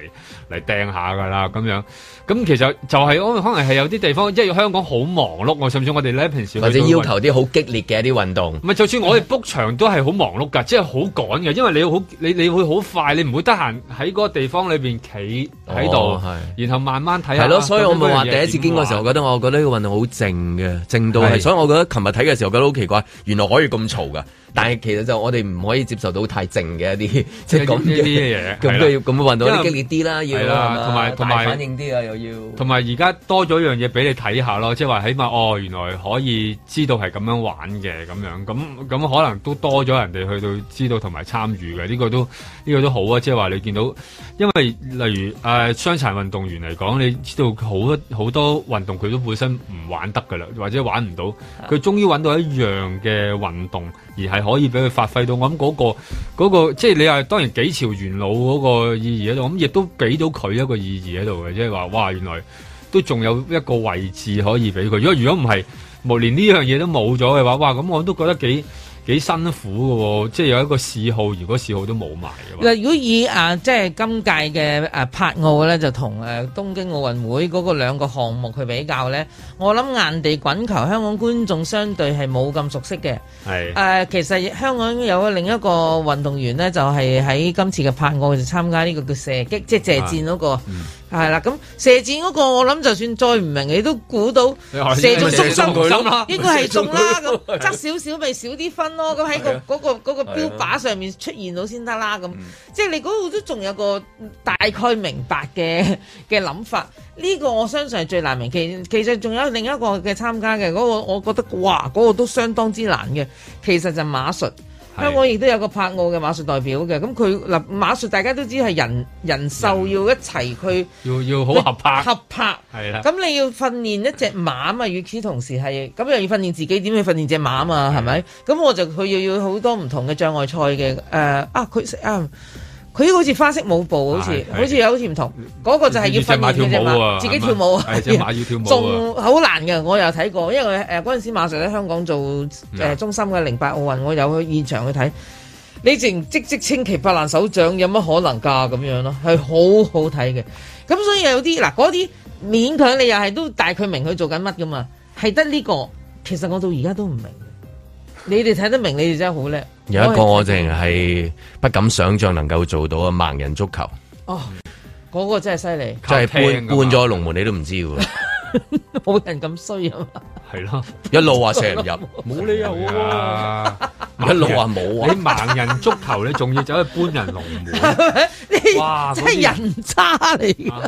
嚟掟下噶啦。咁樣咁其實就係、是、我可能係有啲地方，即係香港好忙碌，啊。我甚至我哋咧平時或者要求啲好激烈嘅一啲運動，唔係就算我哋 book 場都係好忙碌噶。即係好趕嘅，因為你好你你會好快，你唔會得閒喺嗰個地方裏邊企喺度，哦、然後慢慢睇下。係咯，所以我咪話第一次經過時候，覺得我覺得呢個運動好靜嘅，靜到係，是的 所以我覺得琴日睇嘅時候，覺得好奇怪，原來可以咁嘈噶。但係其實就我哋唔可以接受到太靜嘅一啲，即係講呢啲嘢，咁都要咁運到啲激烈啲啦，的要同埋同埋反應啲啊，有又要同埋而家多咗一樣嘢俾你睇下咯，即係話起碼哦，原來可以知道係咁樣玩嘅咁樣，咁咁可能都多咗人哋去到知道同埋參與嘅呢個都呢個都好啊，即係話你見到，因為例如誒、呃、傷殘運動員嚟講，你知道好多好多運動佢都本身唔玩得噶啦，或者玩唔到，佢的終於搵到一樣嘅運動。而係可以俾佢發揮到，我諗嗰個嗰個，即係你話當然幾朝元老嗰個意義喺度，咁亦都俾到佢一個意義喺度嘅，即係話哇，原來都仲有一個位置可以俾佢。如果如果唔係，無連呢樣嘢都冇咗嘅話，哇！咁我都覺得幾。幾辛苦嘅喎，即係有一個嗜好，如果嗜好都冇埋嘅。嗱，如果以啊，即係今屆嘅誒帕奧咧，就同誒、啊、東京奧運會嗰個兩個項目去比較咧，我諗硬地滾球香港觀眾相對係冇咁熟悉嘅。係誒是、啊，其實香港有另一個運動員咧，就係、是、喺今次嘅帕奧就參加呢個叫射擊，即係射箭嗰個。啊嗯係啦，咁射箭嗰個我諗，就算再唔明，你都估到射，是是射中中心，應該係中啦。咁側少少咪少啲分咯。咁喺個嗰個嗰個標靶上面出現到先得啦。咁即係你嗰度都仲有個大概明白嘅嘅諗法。呢個我相信係最難明。其其實仲有另一個嘅參加嘅嗰個，我覺得哇，嗰個都相當之難嘅。其實就馬術。香港亦都有個拍奧嘅馬術代表嘅，咁佢嗱，馬術大家都知係人人獸要一齊去，要要好合拍，合拍係啦。咁是的 你要訓練一隻馬嘛，與此同時係，咁又要訓練自己點去訓練隻馬嘛，係咪？咁我就佢又要好多唔同嘅障礙賽嘅，誒啊佢啊。佢好似花式舞步，好似好似有好似唔同，嗰是個就係要訓練嘅啫，嘛、啊，自己跳舞啊，仲好嗎難嘅。我又睇過，因為誒嗰陣時馬術喺香港做誒中心嘅零八奧運，的我有去現場去睇，你淨即即稱奇白蘭手掌有乜可能噶咁樣咯？係好好睇嘅，咁所以有啲嗱嗰啲勉強你又係都大概明佢做緊乜噶嘛，係得呢個，其實我到而家都唔明。你哋睇得明，你哋真係好叻。有一個我淨係不敢想像能夠做到嘅盲人足球。哦，嗰個真係犀利，真係搬搬咗龍門你都唔知喎。 冇人咁衰啊嘛！係咯，一路話射唔入，冇理由啊！一路話冇啊！你盲人足球，你仲要走去搬人龍門？係咪？哇！真係人渣嚟，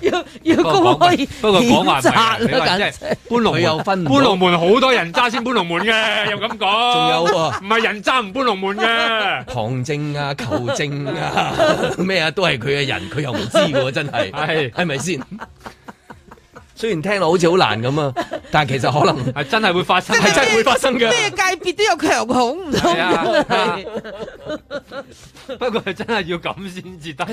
要要可以？不過講埋，你話係搬龍門分搬龍門好多人渣先搬龍門嘅，又咁講？仲有喎！唔係人渣唔搬龍門嘅，旁證啊、求證啊、咩啊，都係佢嘅人，佢又唔知喎，真係！係係咪先？雖然聽落好似好難咁啊，但係其實可能係真係會發生，係真會發生嘅。咩界別都有強好唔同啊。不過係真係要咁先至得。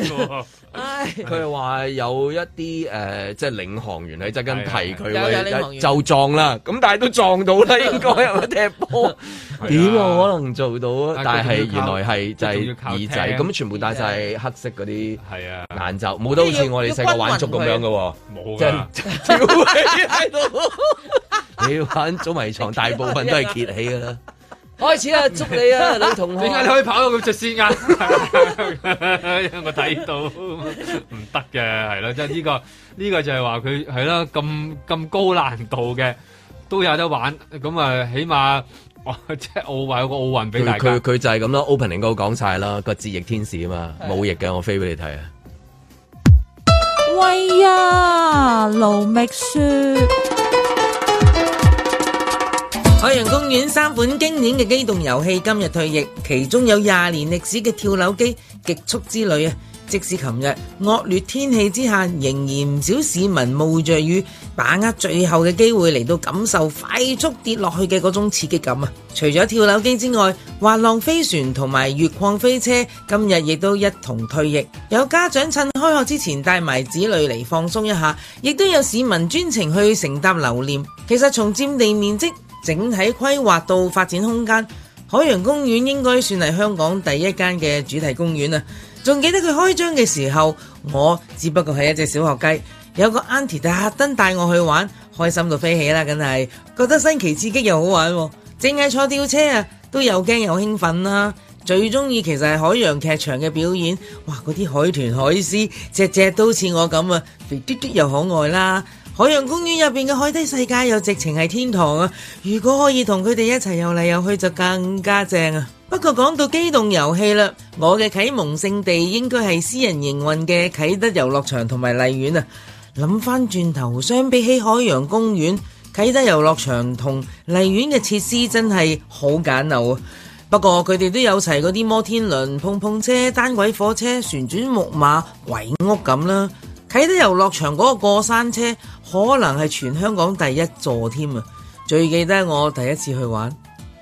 唉，佢係話有一啲誒，即係領航員喺側跟提佢，就撞啦。咁但係都撞到啦，應該有踢波點可能做到？但係原來係就耳仔咁，全部戴晒黑色嗰啲係啊眼罩，冇得好似我哋細個玩足咁樣嘅，冇嘅。屌，你 你玩捉迷藏，大部分都係揭起噶啦。開始啦，啊，捉你啊，女同學。點解你可以跑到咁只先啊？ 因為我睇到，唔得嘅，係咯，即係呢個呢，呢個就係話佢係咯，咁咁高難度嘅，都有得玩。咁啊，起碼哇，即係奧運有個奧運俾大家。佢佢就係咁咯，opening 都講晒啦，個折翼天使啊嘛，冇翼嘅，我飛俾你睇啊。喂、哎、呀，盧覓雪！海洋公園三款經典嘅機動遊戲今日退役，其中有廿年歷史嘅跳樓機、極速之旅。即使琴日惡劣天氣之下，仍然唔少市民冒着雨，把握最後嘅機會嚟到感受快速跌落去嘅嗰種刺激感啊！除咗跳樓機之外，滑浪飛船同埋越礦飛車今日亦都一同退役。有家長趁開學之前帶埋子女嚟放鬆一下，亦都有市民專程去乘搭留念。其實從占地面積整體規劃到發展空間，海洋公園應該算係香港第一間嘅主題公園啊！仲記得佢開張嘅時候，我只不過係一隻小學雞，有個 Auntie 特登帶我去玩，開心到飛起啦，梗係覺得新奇刺激又好玩，淨係坐吊車啊，都又驚又興奮啦。最中意其實係海洋劇場嘅表演，哇，嗰啲海豚、海獅，只只都似我咁啊，肥嘟嘟嘟又可愛啦。海洋公園入面嘅海底世界又直情係天堂啊！如果可以同佢哋一齊游嚟游去就更加正啊。不過講到機動遊戲啦，我嘅啟蒙勝地應該係私人營運嘅啟德遊樂場同埋麗園啊。諗翻轉頭，相比起海洋公園，啟德遊樂場同麗園嘅設施真係好簡陋啊。不過佢哋都有齊嗰啲摩天輪、碰碰車、單軌火車、旋轉木馬、鬼屋咁啦、啊。啟德遊樂場嗰個過山車。可能係全香港第一座添啊！最記得我第一次去玩，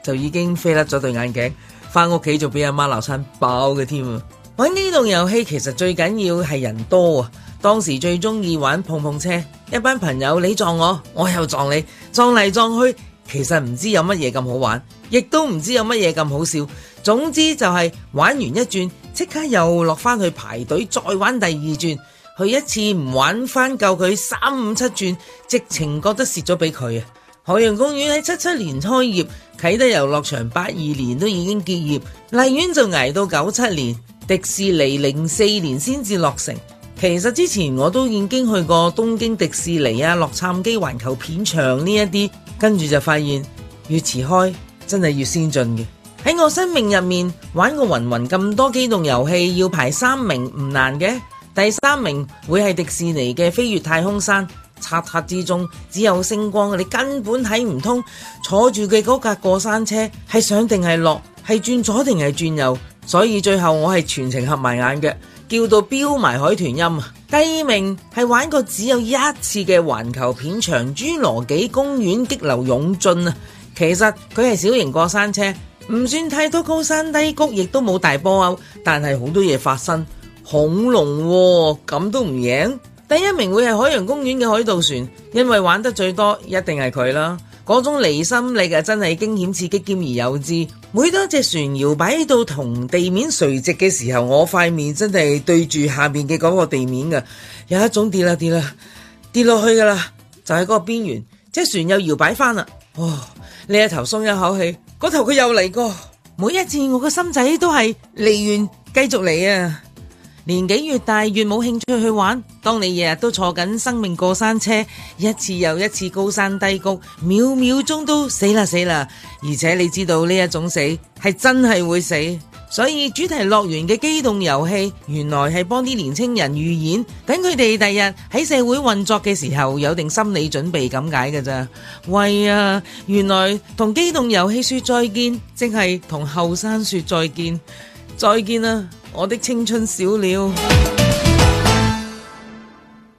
就已經飛甩咗對眼鏡，翻屋企就俾阿媽鬧餐包嘅添啊。玩呢種遊戲其實最緊要係人多啊！當時最中意玩碰碰車，一班朋友你撞我，我又撞你，撞嚟撞去，其實唔知有乜嘢咁好玩，亦都唔知有乜嘢咁好笑。總之就係玩完一轉，即刻又落翻去排隊再玩第二轉。去一次唔玩翻夠佢三五七轉，直情覺得蝕咗俾佢啊！海洋公園喺七七年開業，啟德遊樂場八二年都已經結業，荔園就挨到九七年，迪士尼零四年先至落成。其實之前我都已經去過東京迪士尼啊、洛杉磯環球片場呢一啲，跟住就發現越遲開真係越先進嘅。喺我生命入面玩過云云咁多機動遊戲，要排三名唔難嘅。第三名會係迪士尼嘅《飛越太空山》，漆黑之中只有星光，你根本睇唔通。坐住嘅嗰架過山車係上定係落，係轉左定係轉右。所以最後我係全程合埋眼嘅，叫到飆埋海豚音。第二名係玩過只有一次嘅環球片場侏羅紀公園激流勇進啊！其實佢係小型過山車，唔算太多高山低谷，亦都冇大波歐，但係好多嘢發生。恐龍咁都唔贏，第一名會係海洋公園嘅海盜船，因為玩得最多，一定係佢啦。嗰種離心力啊，真係驚險刺激兼而有之。每當隻船搖擺到同地面垂直嘅時候，我塊面真係對住下面嘅嗰個地面㗎。有一種跌啦跌啦跌落去噶啦，就係嗰個邊緣。隻船又搖擺翻啦，哦！呢一頭鬆一口氣，嗰頭佢又嚟過。每一次我個心仔都係離完繼續嚟啊！年紀越大越冇興趣去玩。當你日日都坐緊生命過山車，一次又一次高山低谷，秒秒鐘都死啦死啦！而且你知道呢一種死係真係會死，所以主題樂園嘅機動遊戲原來係幫啲年青人預演，等佢哋第日喺社會運作嘅時候有定心理準備咁解㗎咋？喂啊！原來同機動遊戲說再見，即係同後生說再見，再見啦！我的青春小鳥。